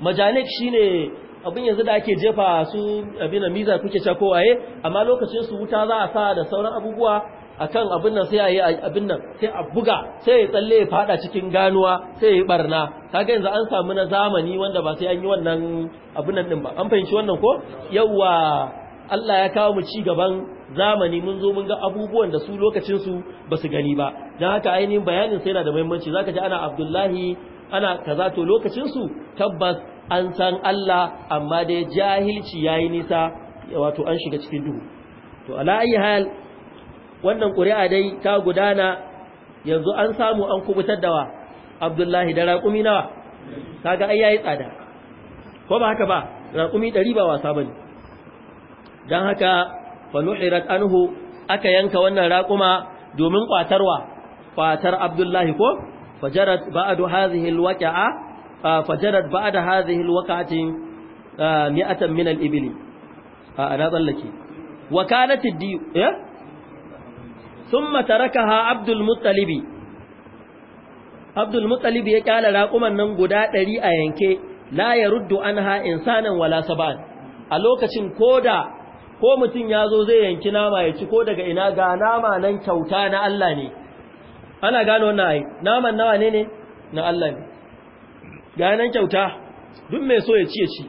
A: majanik shine abin yanzu da ake jefa su abin miza kuke cewa kowaye amma lokacin su wuta za a sa da sauran abubuwa akan abin nan sai a yi abin nan sai a buga sai ya tsalle ya fada cikin ganuwa sai ya yi barna kaga yanzu an samu na zamani wanda ba sai an yi wannan abin nan din ba an fahimci wannan ko yawwa Allah ya kawo mu ci gaban zamani mun zo mun ga abubuwan da su lokacin su basu gani ba dan haka ainihin bayanin sai yana da muhimmanci zaka ji ana Abdullahi ana kaza to lokacin su tabbas an san Allah amma da jahilci yayi nisa wato an shiga cikin duhu to ala ayi hal wannan ƙuri'a dai ta gudana yanzu an samu an kubutar da wa Abdullahi da raƙumi nawa kaga ai yayi tsada ko ba haka ba raƙumi 100 ba wasa bane dan haka fa nuhirat anhu aka yanka wannan raƙuma domin ƙwatarwa, ƙwatar abdullahi ko fajarat ba'du hadhihi alwaqa fajarat ba'da hadhihi alwaqati mi'atan min alibli ana tsallake wa kanat addi eh thumma tarakaha abdul muttalibi abdul muttalibi ya kyala raƙuman nan guda 100 a yanke la yaruddu anha insanan wala saban a lokacin koda ko mutum ya zo zai yanki nama ya ci ko daga ina ga nama nan kyauta na Allah ne ana gano wannan ai naman nawa ne ne na Allah ne ga nan kyauta duk mai so ya ci ya ci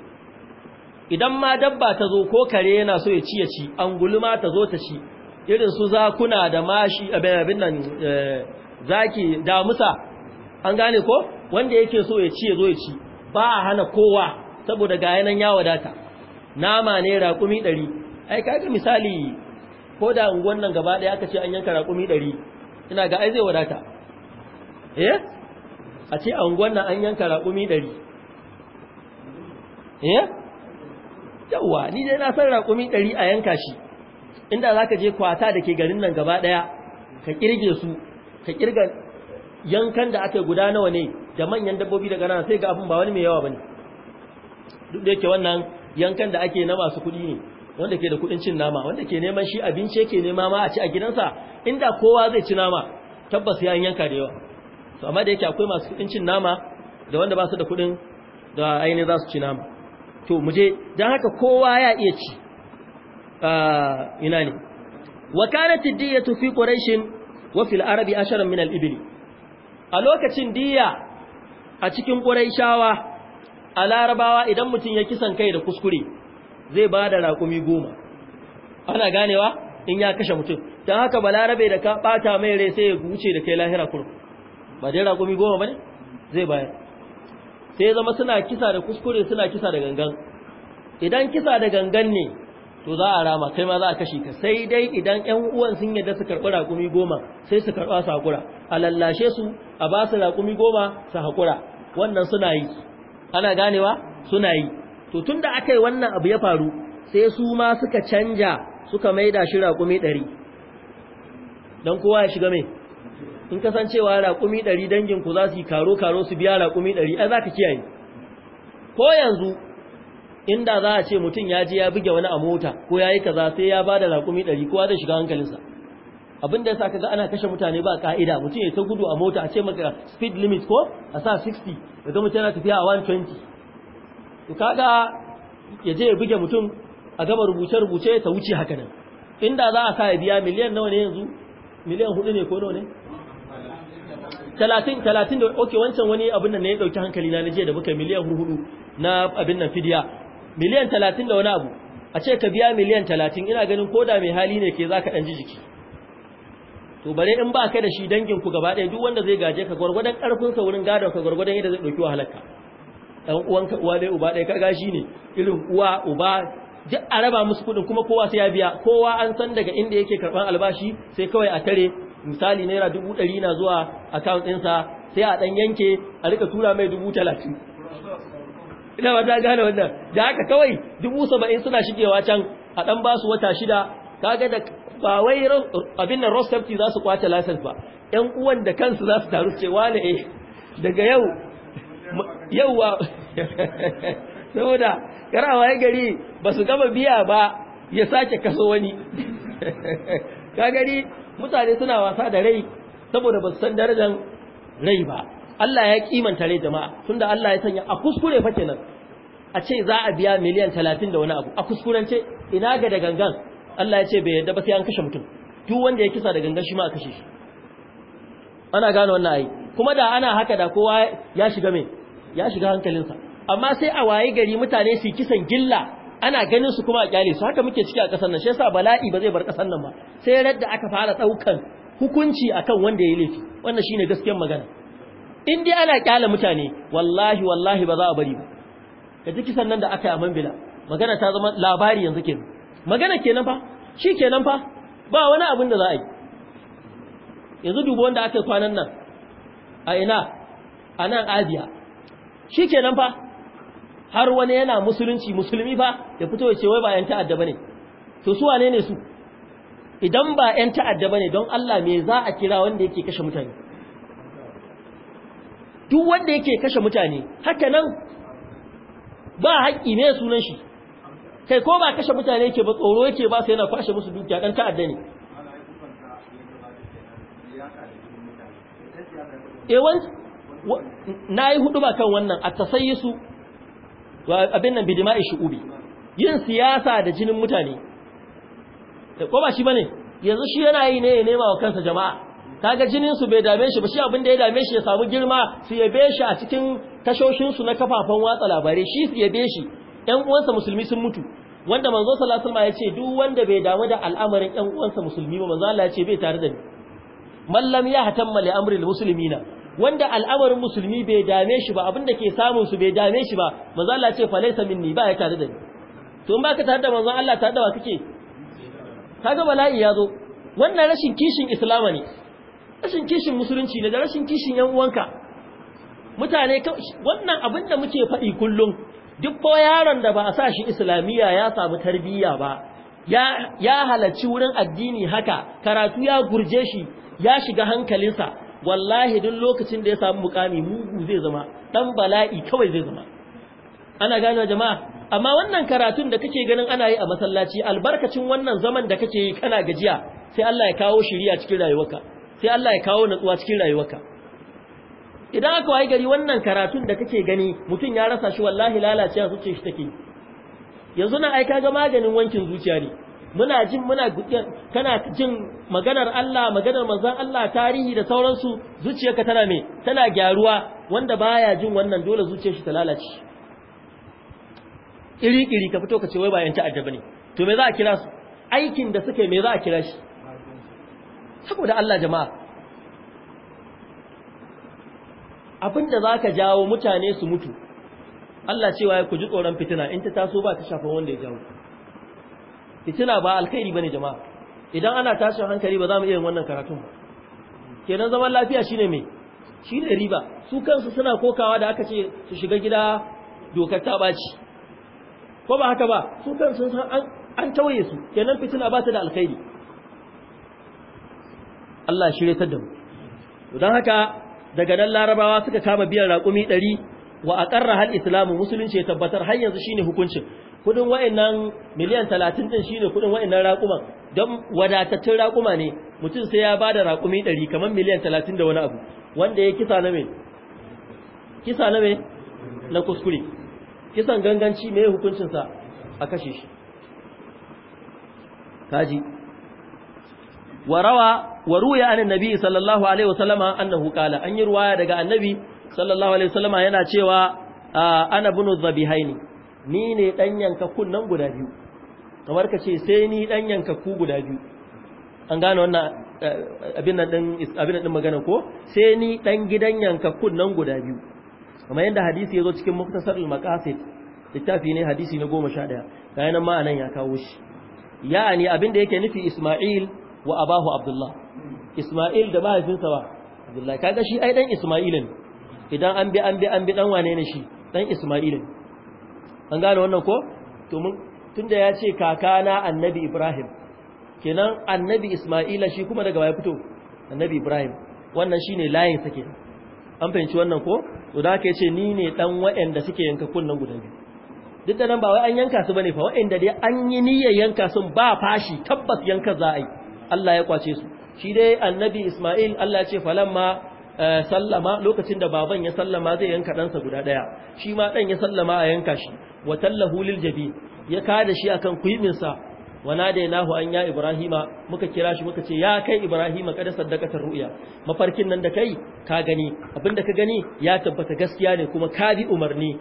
A: idan ma dabba ta zo ko kare yana so ya ci ya ci anguluma ta zo ta ci irin su zakuna da mashi abin nan eh, zaki damusa an gane ko wanda yake so ya ci ya zo ya ci ba a hana kowa saboda ga yanan ya wadata nama ne raƙumi ɗari ai kaga misali ko da unguwan nan gaba ɗaya aka ce an yanka raƙumi ɗari ina ga ai zai wadata eh a ce a unguwan nan an yanka raƙumi ɗari eh yawa ni dai na san raƙumi ɗari a yanka shi inda za ka je kwata da ke garin nan gaba ɗaya ka ƙirge su ka ƙirga yankan da aka guda nawa ne da manyan dabbobi daga nan sai ga abin ba wani mai yawa ba ne duk da yake wannan yankan da ake na masu kuɗi ne wanda ke da kudin cin nama wanda ke neman shi abinci yake nema ma a ci a gidansa inda kowa zai ci nama tabbas ya yanka da yawa to amma da yake akwai masu kudin cin nama da wanda ba su da kudin da ainihin za su ci nama to mu je dan haka kowa ya iya ci ah, ina ne wa kanat diyatu fi quraish wa fil arabi asharan min al-ibli a lokacin diya a cikin quraishawa a larabawa idan mutum ya kisan kai da kuskure zai ba da raƙumi goma ana ganewa in ya kashe mutum don haka balarabe da ka ɓata mai rai sai ya guce da kai lahira kurku ba dai raƙumi goma ba ne zai bayar sai zama suna kisa da kuskure suna kisa da gangan idan kisa da gangan ne to za a rama kai ma za a kashe ka sai dai idan ƴan uwan sun yadda su karɓi raƙumi goma sai su karɓa su haƙura a lallashe su a ba su raƙumi goma su haƙura wannan suna yi ana ganewa suna yi to tunda aka yi wannan abu ya faru sai su ma suka canja suka maida shi raƙumi ɗari don kowa ya shiga mai in kasancewa raƙumi ɗari danginku za su yi karo-karo su biya raƙumi ɗari ai za ka kiyaye ko yanzu inda za a ce mutum ya je ya buge wani a mota ko ya yi kaza sai ya ba da raƙumi ɗari kowa zai shiga hankalinsa abin da ya sa kaga ana kashe mutane ba ka'ida mutum ya ta gudu a mota a ce maka speed limit ko a sa 60 daga mutum yana tafiya a 120 to kaga ya je ya buge mutum a gaba rubuce-rubuce ta wuce haka nan inda za a sa ya biya miliyan nawa ne yanzu miliyan hudu ne ko nawa ne talatin talatin da oke wancan wani abin nan ne ya dauki hankali na naje da muka miliyan hudu na abin nan fidiya miliyan talatin da wani abu a ce ka biya miliyan talatin ina ganin koda mai hali ne ke za ka ɗan ji jiki to bare in ba ka da shi danginku gaba ɗaya duk wanda zai gaje ka gwargwadon ƙarfinsa wurin gadon ka gwargwadon yadda zai ɗauki wahalarka ɗan uwanka uwa dai uba ɗaya kaga shi ne irin uwa uba duk a raba musu kuɗin kuma kowa sai ya biya kowa an san daga inda yake karɓar albashi sai kawai a tare misali naira dubu ɗari na zuwa account ɗinsa sai a ɗan yanke a rika tura mai dubu talatin ina ba ta gane wannan da haka kawai dubu saba'in suna shigewa can a ɗan ba su wata shida kaga da ba wai abin nan ross za su kwace license ba ƴan uwan da kansu za su taru su ce wane eh? daga yau yauwa saboda karawa ya gari ba su gama biya ba ya sake kaso wani ka gari mutane suna wasa da rai saboda ba su san darajar rai ba Allah ya kimanta rai jama'a tunda Allah ya sanya a kuskure fa kenan a ce za a biya miliyan talatin da wani abu a kuskurance ina ga da gangan Allah ya ce bai yadda ba sai an kashe mutum duk wanda ya kisa da gangan shi ma a kashe shi ana gane wannan ai kuma da ana haka da kowa ya shiga mai ya shiga hankalinsa amma sai a waye gari mutane su kisan gilla ana ganin su kuma a kyale su haka muke ciki a kasar nan shi yasa bala'i ba zai bar kasar nan ba sai radda aka fara daukan hukunci akan wanda ya laifi wannan shine gaskiyar magana in dai ana kyale mutane wallahi wallahi ba za a bari ba ka ji kisan nan da aka yi a Mambila magana ta zama labari yanzu kenan magana kenan fa shi kenan fa ba wani abin da za a yi yanzu duba wanda aka kwanan nan a ina a nan aziya shi kenan fa har wani yana musulunci musulmi fa ya fito ya ce wai ba 'yan ta'adda ba ne to su wane ne su idan ba 'yan ta'adda ba ne don Allah me za a kira wanda yake kashe mutane duk wanda yake kashe mutane haka nan ba haƙƙi ne sunan shi kai ko ba kashe mutane yake ba tsoro yake ba sai yana kwashe musu dukiya dan ta'adda ne eh, wani na yi hudu ba kan wannan a tasayi su abin nan bidima ubi. yin siyasa da jinin mutane ko ba shi ba ne yanzu shi yana yi ne ya nema wa kansa jama'a kaga jininsu bai dame shi ba shi abin da ya dame shi ya samu girma su yabe shi a cikin tashoshinsu na kafafen watsa labarai shi su yabe shi ‘yan uwansa musulmi sun mutu wanda manzo sallallahu alaihi ya ce duk wanda bai damu da al'amarin ɗan uwansa musulmi ba manzo Allah ya ce bai tare da ni Mallam ya hatamma li amri al-muslimina wanda al'amarin musulmi bai dame shi ba abin da ke samun su bai dame shi ba manzo Allah ce fa minni ba ya tare da ni to in baka tare da manzo Allah tare da wa kake kaga bala'i ya zo wannan rashin kishin islama ne rashin kishin musulunci ne da rashin kishin yan uwanka mutane wannan abin da muke faɗi kullum duk ko yaron da ba a sa shi islamiyya ya samu tarbiyya ba ya halarci wurin addini haka karatu ya gurje shi ya shiga hankalinsa wallahi duk lokacin da ya samu mukami mugu zai zama dan bala'i kawai zai zama ana gane jama'a amma wannan karatun da kake ganin ana yi a masallaci albarkacin wannan zaman da kake yi kana gajiya sai Allah ya kawo shiriya cikin rayuwarka sai Allah ya kawo natsuwa cikin rayuwarka idan aka wayi gari wannan karatun da kake gani mutum ya rasa shi wallahi lalacewa suke shi take yanzu na aika ga maganin wankin zuciya ne muna jin muna kana jin maganar Allah maganar manzon Allah tarihi da sauransu zuciyarka tana me tana gyaruwa wanda baya jin wannan dole zuciyar shi ta lalace iri iri ka fito ka ce wai ba yanci addaba ne to me za a kira su aikin da suke me za a kira shi saboda Allah jama'a Abin da zaka jawo mutane su mutu Allah cewa ku ji tsoron fitina in ta taso ba ta shafa wanda ya jawo fitina ba alkhairi bane jama'a idan ana tashin hankali ba za mu iya yin wannan karatun ba kenan zaman lafiya shine me shine riba su kansu suna kokawa da aka ce su shiga gida dokar ta baci ko ba haka ba su kansu sun an an tauye su kenan fitina ba ta da alkhairi Allah shirye ta da mu don haka daga nan larabawa suka kama biyan raƙumi ɗari wa aqarra hal islamu musulunci ya tabbatar har yanzu shine hukuncin kudin wa'annan miliyan 30 din shine kudin wa'annan raƙuman don wadatattun raƙuma ne mutum sai ya bada raƙumi 100 kamar miliyan 30 da wani abu wanda ya kisa na me kisa na me na kuskure kisan ganganci me hukuncin sa a kashe shi kaji wa ruya anan nabi sallallahu alaihi wasallama annahu qala an yi ruwaya daga annabi sallallahu alaihi wasallama yana cewa ah, ana bunu Zabihaini. ni ne dan yanka kunnan guda biyu kamar ka ce sai ni dan yanka ku guda biyu an gane wannan eh, abin nan din abin nan magana ko sai ni dan gidan yanka kunnan guda biyu kamar yanda hadisi yazo cikin al maqasid littafi ne hadisi na 11 kai nan ma anan ya kawo shi Ya'ani abin da yake nufi Isma'il wa abahu Abdullah Isma'il da mahaifinsa ba Abdullah kaga shi ai dan Isma'ilin idan an bi an bi an bi dan wane ne shi dan Isma'ilin an gane wannan ko to mun tunda ya ce na annabi ibrahim kenan annabi isma'ila shi kuma daga baya fito annabi ibrahim wannan shine layin sa an fahimci wannan ko to da aka ce ni ne dan waɗanda suke yanka kunnan guda biyu duk da nan ba wai an yanka su bane fa waɗanda dai an yi niyyar yanka sun ba fashi tabbas yanka za a Allah ya kwace su shi dai annabi isma'il Allah ya ce falamma Eh, sallama lokacin da baban ya sallama zai yanka ɗansa guda ɗaya shi ma ɗan ya sallama a yanka shi wa tallahu lil jabi ya kada shi akan sa wana da yanahu an ya ibrahima muka kira shi muka ce ya kai ibrahima kada saddakatar ru'ya mafarkin nan da kai ka gani abinda ka gani ya tabbata gaskiya ne kuma ka bi umarni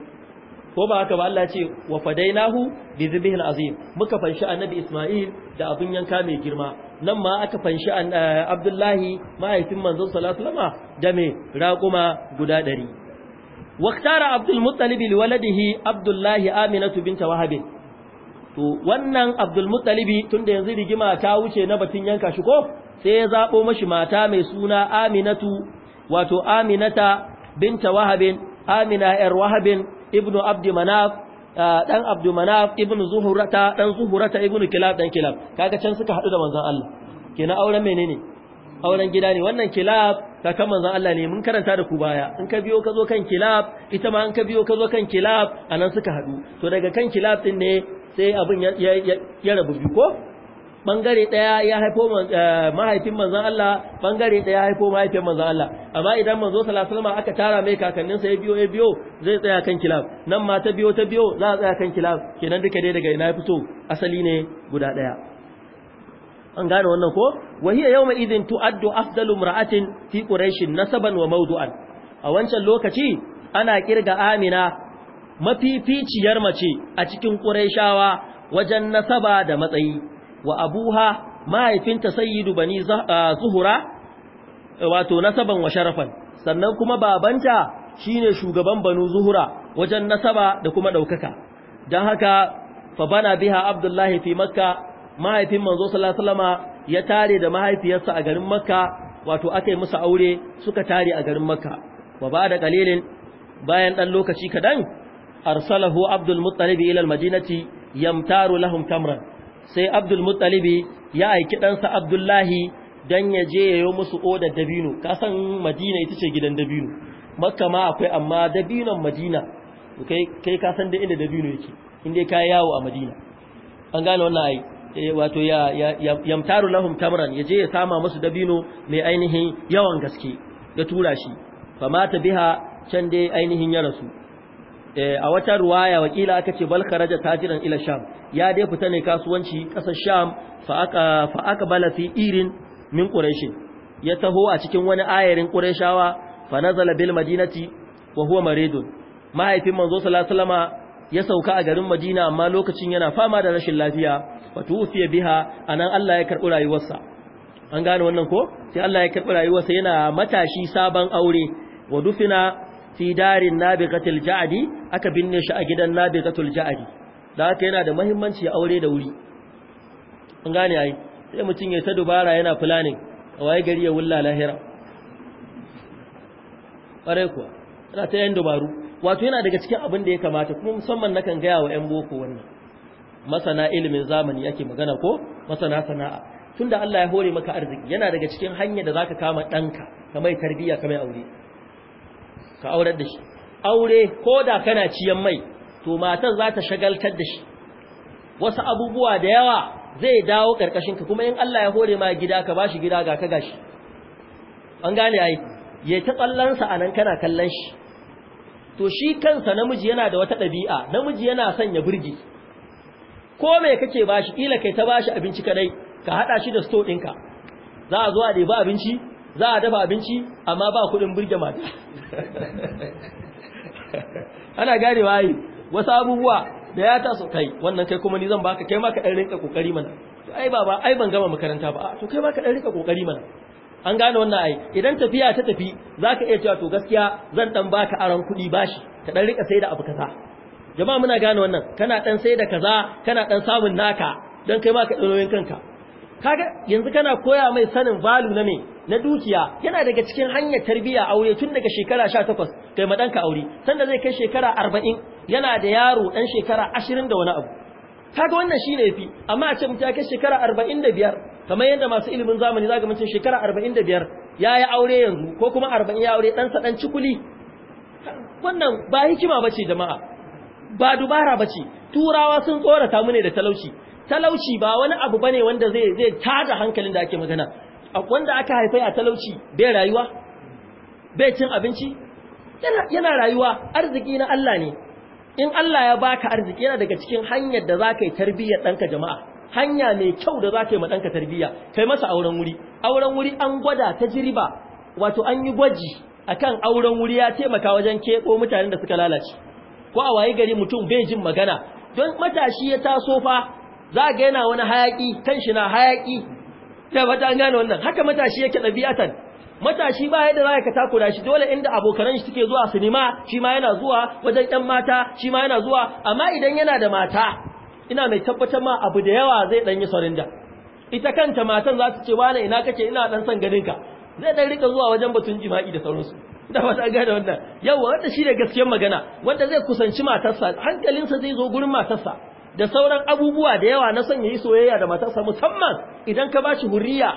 A: ko ba haka ba Allah ce wa fadainahu bi zibhin azim muka fanshi annabi Isma'il da abun yanka mai girma nan ma aka fanshi eh, Abdullahi ma'aikin manzon sallallahu alaihi wasallam da me raquma guda 100 waqtara Abdul Muttalib li waladihi Abdullahi Aminatu binta Wahab to wannan Abdul Muttalib da yanzu rigima ta wuce na batun yanka shi ko sai ya zabo mashi mata mai suna Aminatu wato Aminata binta Wahab Amina yar Wahabin ibnu abdi manaf dan abdu manaf ibnu zuhurata dan zuhurata ibnu kilab dan kilab kaga can suka hadu da manzon Allah kenan auren menene auren gida ne wannan kilab kakan manzon Allah ne mun karanta da ku baya in ka biyo ka zo kan kilab ita ma in ka biyo ka zo kan kilab anan suka hadu to daga kan kilab din ne sai abin ya rabu ko bangare daya ya haifo eh, mahaifin manzon Allah bangare daya ya haifo mahaifin manzon Allah amma idan manzo sallallahu alaihi wasallam aka tara mai kakannin sa ya biyo ya biyo zai tsaya kan kilab nan ma ta biyo ta biyo za a tsaya kan kilab kenan duka dai daga ina ya fito asali ne guda daya an gane wannan ko wahiya yawma idin tu'addu afdalu mar'atin fi quraish nasaban wa mawdu'an a wancan lokaci ana kirga amina mafificiyar mace a cikin quraishawa wajen nasaba da matsayi wa abuha mahaifinta sayyidu bani ah, zuhura eh, wato nasaban wa sharafan sannan kuma babanta shine shugaban banu zuhura wajen nasaba da kuma daukaka dan haka fa bana biha abdullahi fi makka mahaifin manzo sallallahu ya tare da mahaifiyarsa a garin makka wato akai musu aure suka tare a garin makka wa ba da kalilin bayan dan lokaci kadan arsalahu abdul muttalib ila al madinati yamtaru lahum tamran sai abdul muttalibi ya aiki ɗansa abdullahi don ya je ya yi musu oda dabino Ka san madina ita ce gidan dabino makka ma akwai amma dabinon madina kai san da inda dabino yake inda ka yawo a madina an gane wannan ai eh, wato ya yamtaru lahum tamran je ya sama musu dabino mai ainihin yawan gaske ya tura shi Fa mata biha can dai ainihin ya rasu Eh, a wata ruwaya wakila aka ce bal kharaja tajiran ila sham ya dai fita ne kasuwanci kasar sham fa aka fa aka bala fi irin min quraish ya taho a cikin wani ayarin qurayshawa fa nazala bil madinati wa huwa maridun mahaifin manzo sallallahu alaihi ya sauka a garin madina amma lokacin yana fama da rashin lafiya fa tufiya biha anan Allah ya karbi rayuwarsa an gane wannan ko sai Allah ya karbi rayuwarsa yana matashi sabon aure wa dufina fi darin nabigatul ja'di aka binne shi a gidan nabigatul ja'di da haka yana da muhimmanci aure da wuri an gane ai sai mutun ya ta dubara yana planning waye gari ya wulla lahira kware kuwa yana ta yan dubaru wato yana daga cikin abin da ya kamata kuma musamman nakan gaya wa yan boko wannan masana ilimin zamani yake magana ko masana sana'a tunda Allah ya hore maka arziki yana daga cikin hanya da zaka kama danka kamar tarbiyya kamar aure ka aurar da shi aure ko da kana ciyan mai to matar za ta shagaltar da shi wasu abubuwa da yawa zai dawo karkashin ka kuma in Allah ya hore ma gida ka bashi gida ga ka gashi an gane ai ya ta tsallansa nan kana kallon shi to shi kansa namiji yana da wata ɗabi'a namiji yana son ya burge ko me kake bashi kila kai ta bashi abinci kadai ka haɗa shi da store ɗinka za a zo a ɗebi abinci za a dafa abinci amma ba kudin burge mata ana gane waye wasu abubuwa da ya taso kai wannan kai kuma ni zan baka kai ma ka dan rinka kokari mana to ai baba ai ban gama makaranta ba ah, to kai ma ka dan rinka kokari mana an gane wannan ai idan tafiya ta tafi za ka iya cewa to gaskiya zan dan baka aron kudi bashi ka dan rinka sai da abu kaza jama'a muna gane wannan kana dan sai da kaza kana dan samun naka dan kai ma ka kanka kaga yanzu kana koya mai sanin valu na me na dukiya yana daga cikin hanyar tarbiyya aure tun daga shekara 18 kai madanka aure sanda zai kai shekara 40 yana da yaro dan shekara 20 da wani abu kaga wannan shine fi amma a ce mutum ya kai shekara 45 kamar yadda masu ilimin zamani zaka mace shekara 45 yayi aure yanzu ko kuma 40 ya aure dan sa dan cikuli wannan ba hikima bace jama'a ba dubara bace turawa sun tsorata mu ne da talauci talauci ba wani abu bane wanda zai zai tada hankalin da ake magana wanda aka haifai a talauci bai rayuwa bai cin abinci yana yana rayuwa arziki na Allah ne in Allah ya baka arziki yana daga cikin hanyar da zaka yi tarbiyyar danka jama'a hanya mai kyau da zaka yi ma danka tarbiyya kai masa auren wuri auren wuri an gwada ta jiriba. wato an yi gwaji akan auren wuri ya taimaka wajen keƙo mutanen da suka lalace ko a wayi gari mutum bai jin magana don matashi ya taso fa za ga yana wani hayaki kanshi na hayaki da wata an gane wannan haka matashi yake dabi'atan matashi ba yadda za ka da shi dole inda abokanan shi suke zuwa sinima shi ma yana zuwa wajen ɗan mata shi ma yana zuwa amma idan yana da mata ina mai tabbatar ma abu da yawa zai ɗan yi sarinda ita kanta matan za su ce wani ina kace ina ɗan son ganinka zai ɗan rika zuwa wajen batun jima'i da sauransu da wata gane wannan yawa wanda shi da gaskiyar magana wanda zai kusanci matarsa hankalinsa zai zo gurin matarsa da sauran abubuwa da yawa na son yi soyayya da matarsa musamman idan ka bashi hurriya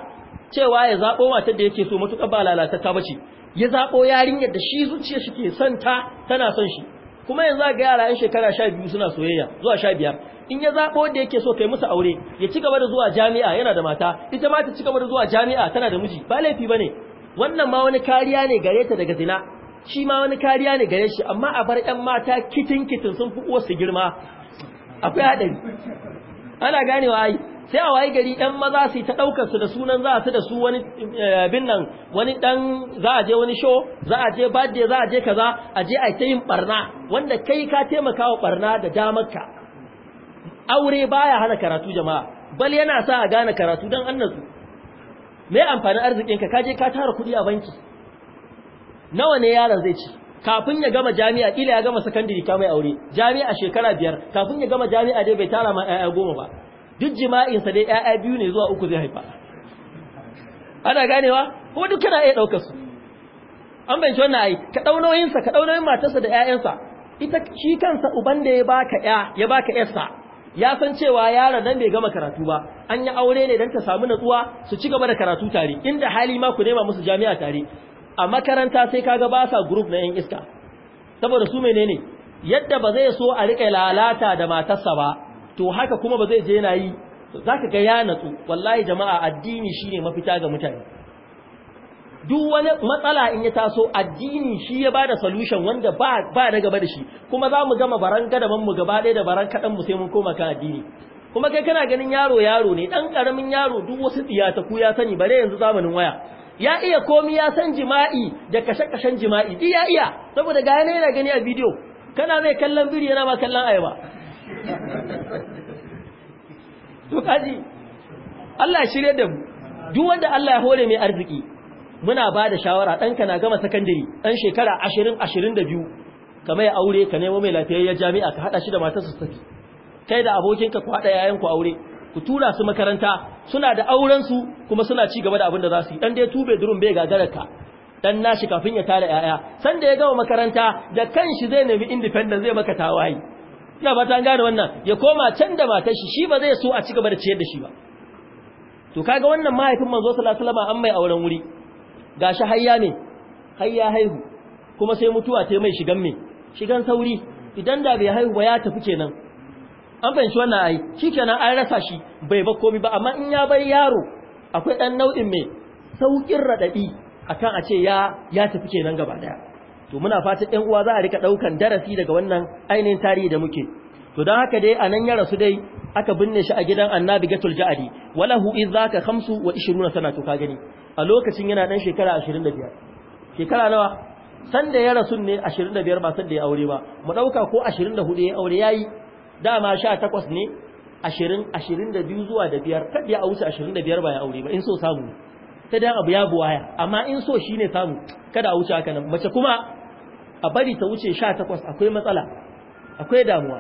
A: cewa ya zabo matar da yake so matukar ba ta bace ya zabo yarinyar da shi zuciya shi ke son ta tana son shi kuma yanzu ga yara yan shekara 12 suna soyayya zuwa 15 in ya zabo da yake so kai musu aure ya ci gaba da zuwa jami'a yana da mata ita ma ta ci gaba da zuwa jami'a tana da miji ba laifi bane wannan ma wani kariya ne gare ta daga zina shi ma wani kariya ne gare shi amma a bar 'yan mata kitin kitin sun fi su girma akwai haɗari ana ganewa ai sai a waye gari ɗan maza su ta ɗaukar su da sunan za su da su wani eh, abin nan wani ɗan za a je wani show za a je birthday za a je kaza a je a ta yin barna wanda kai ka taimaka wa barna da damarka aure baya hana karatu jama'a bal yana sa a gane karatu don an nazu me amfanin arzikinka ka je ka tara kuɗi a banki nawa ne yaron zai ci kafin ya gama jami'a Ila ya gama sakandare ta mai aure jami'a shekara biyar kafin ya gama jami'a dai bai tara ma ƴaƴa goma ba duk jima'insa dai ƴaƴa biyu ne zuwa uku zai haifa ana ganewa ko duk kana iya ɗaukar su an bayyana wannan ai ka ɗau sa ka ɗau matarsa da 'ya'yansa. ita shi kansa uban da ya baka ƴa ya baka sa ya san cewa yaron nan bai gama karatu ba an yi aure ne dan ta samu natsuwa su ci gaba da karatu tare inda hali ma ku nema musu jami'a tare a makaranta sai kaga ba sa group na yan iska saboda su menene yadda ba zai so a rika lalata da matarsa ba to haka kuma ba zai je yana yi zaka ga ya natsu wallahi jama'a addini shine mafita ga mutane duk wani matsala in ya taso addini shi ya bada solution wanda ba ba da gaba da shi kuma zamu gama baranga da mu gaba ɗaya da baran mu sai mun koma kan addini kuma kai kana ganin yaro yaro ne dan ƙaramin yaro duk wasu tsiya ta ku ya sani bare yanzu zamanin waya ya iya komi ya san jima'i da kashe-kashen jima'i duk ya iya saboda ga yana yana gani a bidiyo kana mai kallon biri yana ma kallon ayaba to kaji Allah ya shirye da duk wanda Allah ya hore mai arziki muna ba da shawara ɗanka na gama sakandare ɗan shekara 20 biyu. ka mai aure ka nemo mai lafiyayyar jami'a ka haɗa shi da matarsa saki kai da abokinka ku haɗa yayanku aure ku tura su makaranta suna da auren su kuma suna ci gaba da abin da za su yi dan dai tube durum bai gagara ka dan nashi kafin ya tara yaya san da ya gama makaranta da kanshi zai nemi independent zai maka tawayi ina fatan gane wannan ya koma can da matar shi shi ba zai so a ci gaba da ciyar da shi ba to kaga wannan mahaifin manzo sallallahu alaihi wasallam an mai auren wuri gashi hayya ne hayya haihu kuma sai mutuwa ta mai shigan me shigan sauri idan da bai haihu ba ya tafi kenan an fahimci wannan ai kenan an rasa shi bai ba komai ba amma in ya bar yaro akwai ɗan nau'in mai saukin radadi akan a ce ya ya tafi kenan gaba daya to muna fatan ɗan uwa za a rika ɗaukan darasi daga wannan ainihin tarihi da muke to don haka dai a nan ya rasu dai aka binne shi a gidan annabi gatul ja'adi walahu wa 25 sana to ka gani a lokacin yana dan shekara 25 shekara nawa san da ya rasu ne 25 ba san da ya aure ba mu ɗauka ko 24 ya aure yayi dama sha takwas ne ashirin ashirin da biyu zuwa da biyar kaɗi a wuce ashirin da biyar bayan aure ba in so samu ta dan abu ya buwaya amma in so shi ne samu kada a wuce haka nan mace kuma a bari ta wuce sha takwas akwai matsala akwai damuwa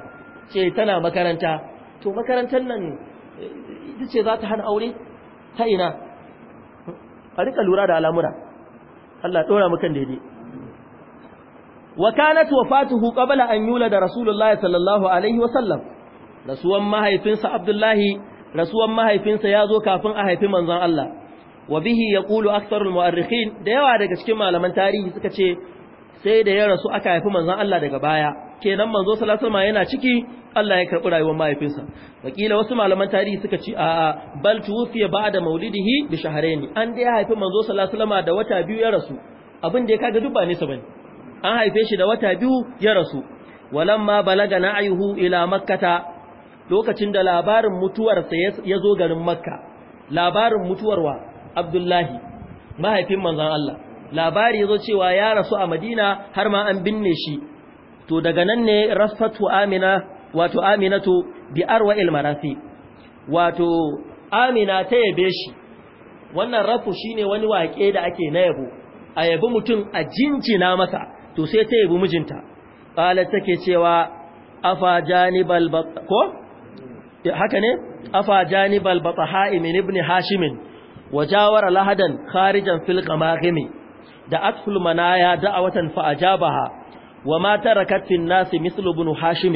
A: ce tana makaranta to makarantar nan
B: ita
A: ce za ta hana aure ta ina a rika lura da al'amura Allah ɗora mukan daidai wa kanat wafatuhu qabla an yulada rasulullah sallallahu alaihi wa sallam rasuwan mahaifinsa abdullahi rasuwan mahaifinsa ya zo kafin a haifi manzon Allah wa bihi yaqulu aktharul mu'arrikhin da yawa daga cikin malaman tarihi suka ce sai da ya rasu aka haifi manzon Allah daga baya kenan manzo sallallahu yana ciki Allah ya karbi rayuwar mahaifinsa wakila wasu malaman tarihi suka ci, a bal tuwfiya ba'da maulidihi bi ni. an da ya haifi manzo sallallahu da wata biyu ya rasu abin da ya kaga duk ba ne an haife shi da wata biyu ya rasu walamma balaga na ayuhu ila makkata lokacin da labarin mutuwarsa ya zo garin makka labarin mutuwarwa abdullahi mahaifin manzan Allah labari ya zo cewa ya rasu a madina har ma an binne shi to daga nan ne rasfatu amina wato aminatu bi arwa'il marasi wato amina ta yabe shi wannan rafu shine wani waƙe da ake na yabo a yabi mutum a jinjina masa to sai ta yi yabi mijinta qalat take cewa afa janibal ko haka ne afa janibal batahim ibn hashim wajawara lahadan kharijan filka qamaqimi da atful manaya da'awatan fa ajabaha wama tarakat fin nas mithlu ibn hashim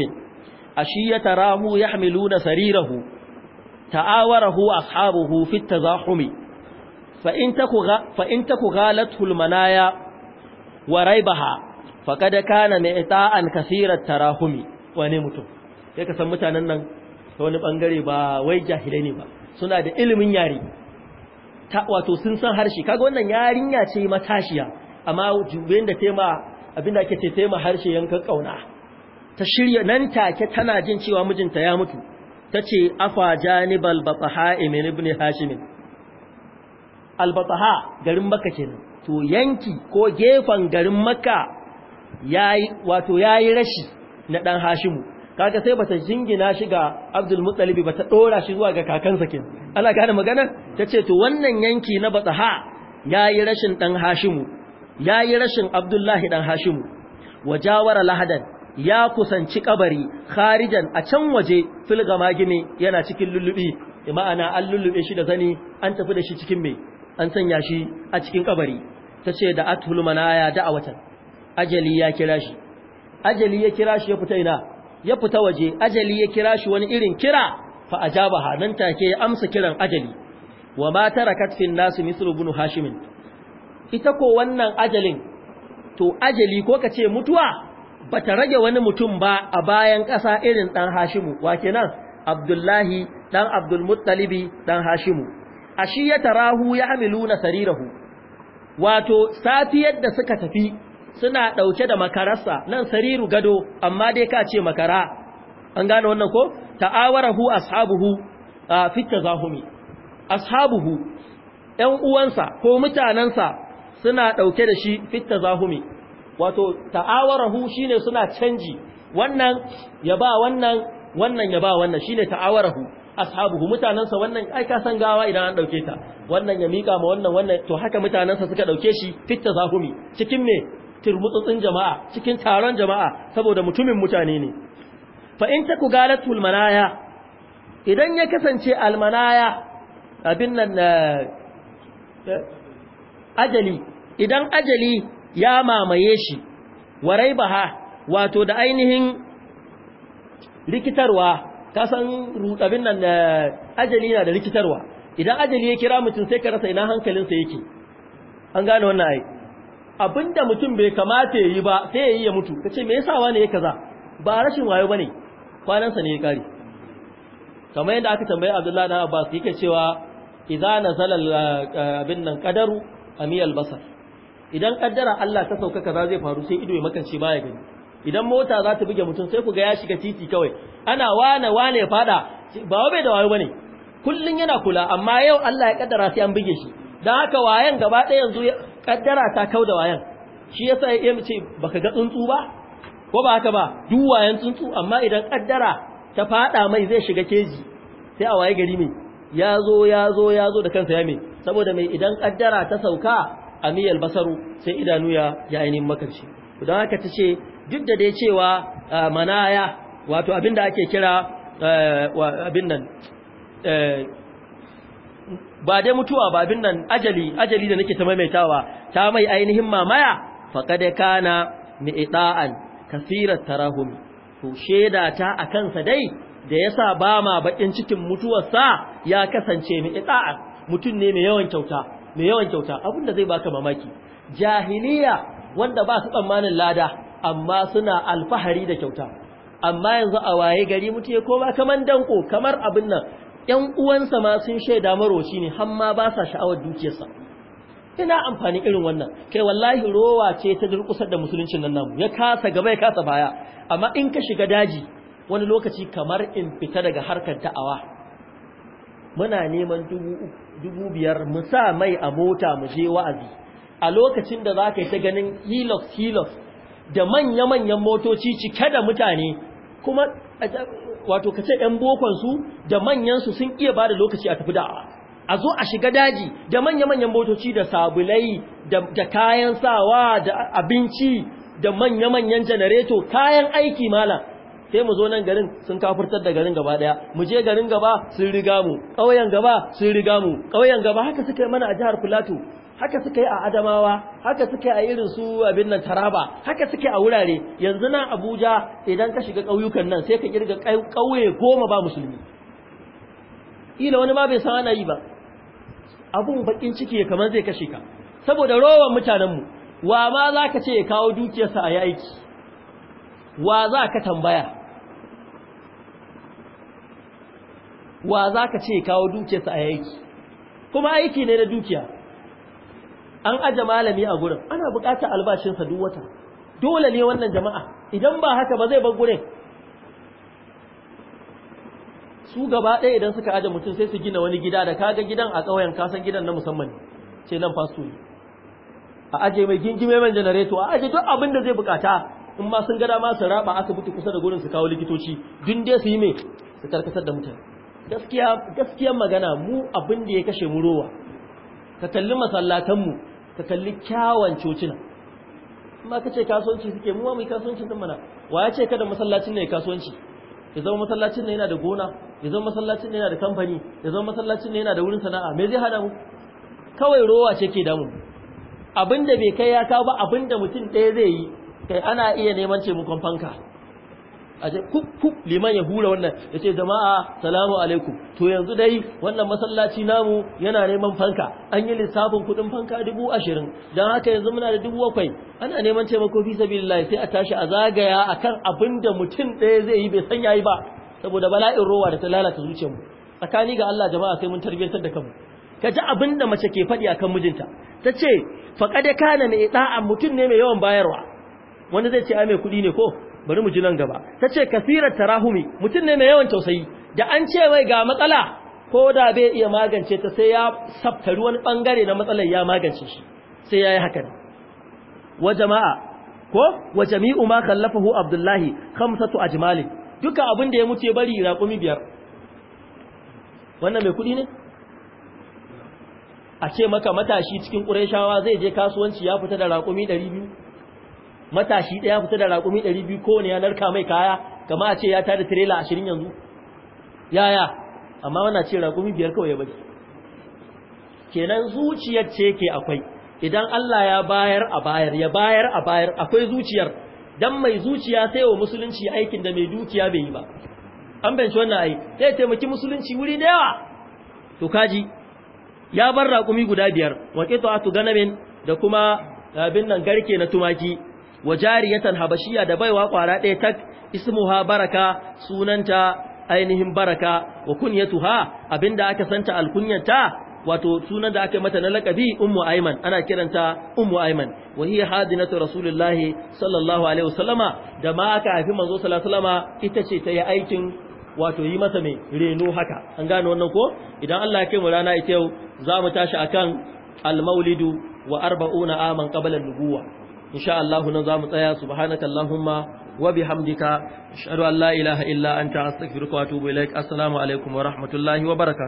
A: ashiyata rahu yahmiluna sarirahu ta'awarahu ashabuhu fit tazahumi fa in taku ghalathu al manaya wa raibaha faƙad kana mai ita'an kasirar tarahumi wani mutum sai ka san mutanen nan ta wani ɓangare ba wai jahilai ne ba suna da ilimin yare wato sun san harshe kaga wannan yarinya ce matashiya amma jubayin da tema abinda ake ce tema harshe yankan kauna ta shirya nan take tana jin cewa mijinta ya mutu tace afa janibal bataha ibn ibn hashim al bataha garin makka kenan to yanki ko gefan garin makka Wato ya yi rashi na ɗan Hashimu kaga sai ba ta jingina shi ga Abdul ba ta ɗora shi zuwa ga kakansa ke? ana gane magana Ta ce to wannan yanki na ya yi rashin ɗan Hashimu Ya yi rashin Abdullahi ɗan Hashimu wajawara lahadan ya kusanci kabari kharijan a can waje fil magini yana cikin lullubi e, ma'ana an lullube shi da zani an tafi da shi cikin mai. an sanya shi a cikin kabari ce da atul ya da'awatan ajali ya kira shi ajali ya kira shi ya fita ina ya fita waje ajali ya kira shi wani irin kira fa ajabaha nan take ya amsa kiran ajali wa ma tarakat fi nas mithlu ibn hashim ita ko wannan ajalin to ajali ko kace mutuwa bata rage wani mutum ba a bayan kasa irin dan hashim wa kenan abdullahi dan abdul muttalibi dan hashimu ashi ya tarahu ya hamiluna sarirahu wato safiyar da suka tafi suna ɗauke da makararsa nan sariru gado amma dai ka ce makara an gane wannan ko ta'awarahu ashabuhu fi tazahumi ashabuhu ƴan uwansa ko mutanansa suna ɗauke da shi fi tazahumi wato ta'awarahu ne suna canji wannan ya ba wannan wannan ya ba wannan shi shine ta'awarahu ashabuhu mutanansa wannan ai ka san gawa idan an ɗauke ta wannan ya miƙa ma wannan wannan to haka mutanansa suka ɗauke shi fit tazahumi cikin me turmutsutsin jama'a cikin taron jama'a saboda mutumin mutane ne fa in ku galatul manaya idan ya kasance almanaya abin nan eh, eh, ajali idan ajali ya mamaye shi warai baha wato da ainihin likitarwa, kasan rudabin nan eh, ajali na da likitarwa, idan ajali ya kira mutum sai ka rasa ina hankalinsa yake an gane wannan ai Abin da mutum bai kamata yi ba sai yayi ya mutu kace me yasa wani yake kaza ba rashin wayo bane kwanansa ne ya kare kamar yadda aka tambaye Abdullahi dan Abbas yake cewa idza nazala eh, abin nan qadaru amiyal basar idan kaddara Allah ta sauka kaza zai faru sai ido ya makance baya gani idan mota za ta buge mutum sai ku ga ya shiga titi kawai ana wane wane fada ba bai da wayo bane kullun yana kula amma yau Allah ya kaddara sai an buge shi dan haka wayan gaba ɗaya yanzu kaddara ta kau da wayan shi yasa ya mace ba baka ga tsuntsu ba ko ba haka ba duk wayan tsuntsu amma idan kaddara ta fada mai zai shiga keji sai a waye gari mai ya zo ya zo ya zo da kansa ya mai saboda mai idan kaddara ta sauka a miyal basaru sai idanu ya ya ainihin makarci don haka ta ce duk da dai cewa eh, manaya wato abinda ake kira eh, abin nan eh, ba dai mutuwa ba bin nan ajali ajali da nake ta maimaitawa ta mai ainihin mamaya faqad kana mi'ta'an kaseerat tarahum to sheda ta akan sa dai da yasa ba ma bakin cikin mutuwar sa ya kasance mi'ta'an mutun ne mai yawan kyauta mai yawan kyauta abinda zai baka mamaki jahiliya wanda ba su tsammanin lada amma suna alfahari da kyauta amma yanzu a waye gari mutu ya koma kaman danko kamar abin nan ‘yan uwansa ma sun shaida maroci ne, hamma ba sa sha'awar dukiyarsa. Ina amfani irin wannan, kai wallahi rowa ce ta durkusar da musuluncin nan namu, ya kasa gaba ya kasa baya, amma in ka shiga daji wani lokaci kamar in fita daga harkar ta'awa. Muna neman dubu biyar mu sa mai a mota mu je wa'azi, a lokacin da za ka yi ta ganin hilof hilof da manya-manyan motoci cike da mutane, kuma wato kace ƴan bokon su da manyansu sun iya bada lokaci a tafi da a zo a shiga daji da manya-manyan motoci da sabulai da kayan sawa da abinci da manya-manyan janareto kayan aiki malam sai mu zo nan garin sun kafurtar da garin gaba daya mu je garin gaba sun riga mu ƙauyen gaba sun riga mu ƙauyen gaba haka suka yi mana a jihar Filato haka suka yi a adamawa haka suka yi a irin su abin nan taraba haka suka yi a wurare yanzu na abuja idan ka shiga ƙauyukan nan sai ka kirga ƙauye goma ba musulmi ila wani ma bai san ana yi ba abun bakin ciki kamar zai kashe ka saboda rowan mutanenmu wa ma za ka ce ya kawo dukiyarsa a yi wa za ka tambaya wa za ka ce ya kawo dukiyarsa a yi kuma aiki ne na dukiya an aje malami a gurin ana buƙatar albashinsa duk wata dole ne wannan jama'a idan ba haka ba zai bar gurin su gaba ɗaya idan suka aje mutum sai su gina wani gida da kaga gidan a ƙauyen kasan gidan na musamman ce nan fasto ne a aje mai gingime man janareto a aje duk abin da zai bukata in ma sun gada ma su raba asibiti kusa da gurin su kawo likitoci dun dai su yi mai su karkatar da mutane gaskiya gaskiyar magana mu abin da ya kashe mu rowa ka kalli masallatan ka kalli kyawun cocina amma ka ce kasuwanci suke muwa mai kasuwanci din mana wa ya ce kada masallacin ne kasuwanci ya zama masallacin ne yana da gona ya zama masallacin ne yana da kamfani ya zama masallacin ne yana da wurin sana'a me zai hada mu kawai rowa ce ke damu abinda bai kai ya kawo ba abinda mutum ɗaya zai yi kai ana iya neman ce mukon fanka kuk kuk liman ya hura wannan ce jama'a salamu alaikum to yanzu dai wannan masallaci namu yana neman fanka an yi lissafin kudin fanka dubu ashirin don haka yanzu muna da dubu bakwai ana neman taimako fi sabilillah sai a tashi a zagaya akan abin da mutum ɗaya zai yi bai san yayi ba saboda bala'in rowa da ta lalata zuciyarmu tsakani ga Allah jama'a sai mun tarbiyyantar da kanmu ka ji abin da mace ke faɗi akan mijinta ta ce faƙade kana ni ɗa'a mutum ne mai yawan bayarwa wanda zai ce ai mai kuɗi ne ko bari mu ji nan gaba Ta tace ta tarahumi mutum ne mai yawan tausayi da an ce mai ga matsala ko da bai iya magance ta sai ya saftari wani bangare na matsalar ya magance shi sai yayi haka wa jama'a ko wa jami'u ma khallafahu abdullahi khamsatu ajmal duka abin da ya mutu bari raƙumi biyar wannan mai kudi ne a ce maka matashi cikin ƙureshawa zai je kasuwanci ya fita da raƙumi 200 matashi ɗaya fita da raƙumi ɗari biyu kowane ya narka mai kaya kama a ce ya tare tirela ashirin yanzu yaya amma wana ce raƙumi biyar kawai ya bari kenan zuciyar ce ke akwai idan Allah ya bayar a bayar ya bayar a bayar akwai zuciyar dan mai zuciya sai wa musulunci aikin da mai dukiya bai yi ba an bance wannan ai sai taimaki musulunci wuri da yawa to kaji ya bar raƙumi guda biyar waƙito a ganamin da kuma abin nan garke na tumaki wa jariyatan habashiya da baiwa kwara ɗaya tak ismuha baraka sunanta ainihin baraka wa kunyatuha abinda aka santa alkunyata wato sunan da aka mata na lakabi ummu aiman ana kiranta ummu aiman wa hiya hadinatu rasulullahi sallallahu alaihi wasallama da ma aka haifi manzo sallallahu ita ce ta yi aikin wato yi masa mai reno haka an gane wannan ko idan Allah ya kai mu rana ita yau za mu tashi akan al-maulidu wa arba'una aman qabla an insha Allah nan zamu tsaya subhanaka allahumma wa bihamdika ashhadu an la ilaha illa anta astaghfiruka wa atubu ilaik assalamu alaikum wa rahmatullahi wa barakatu.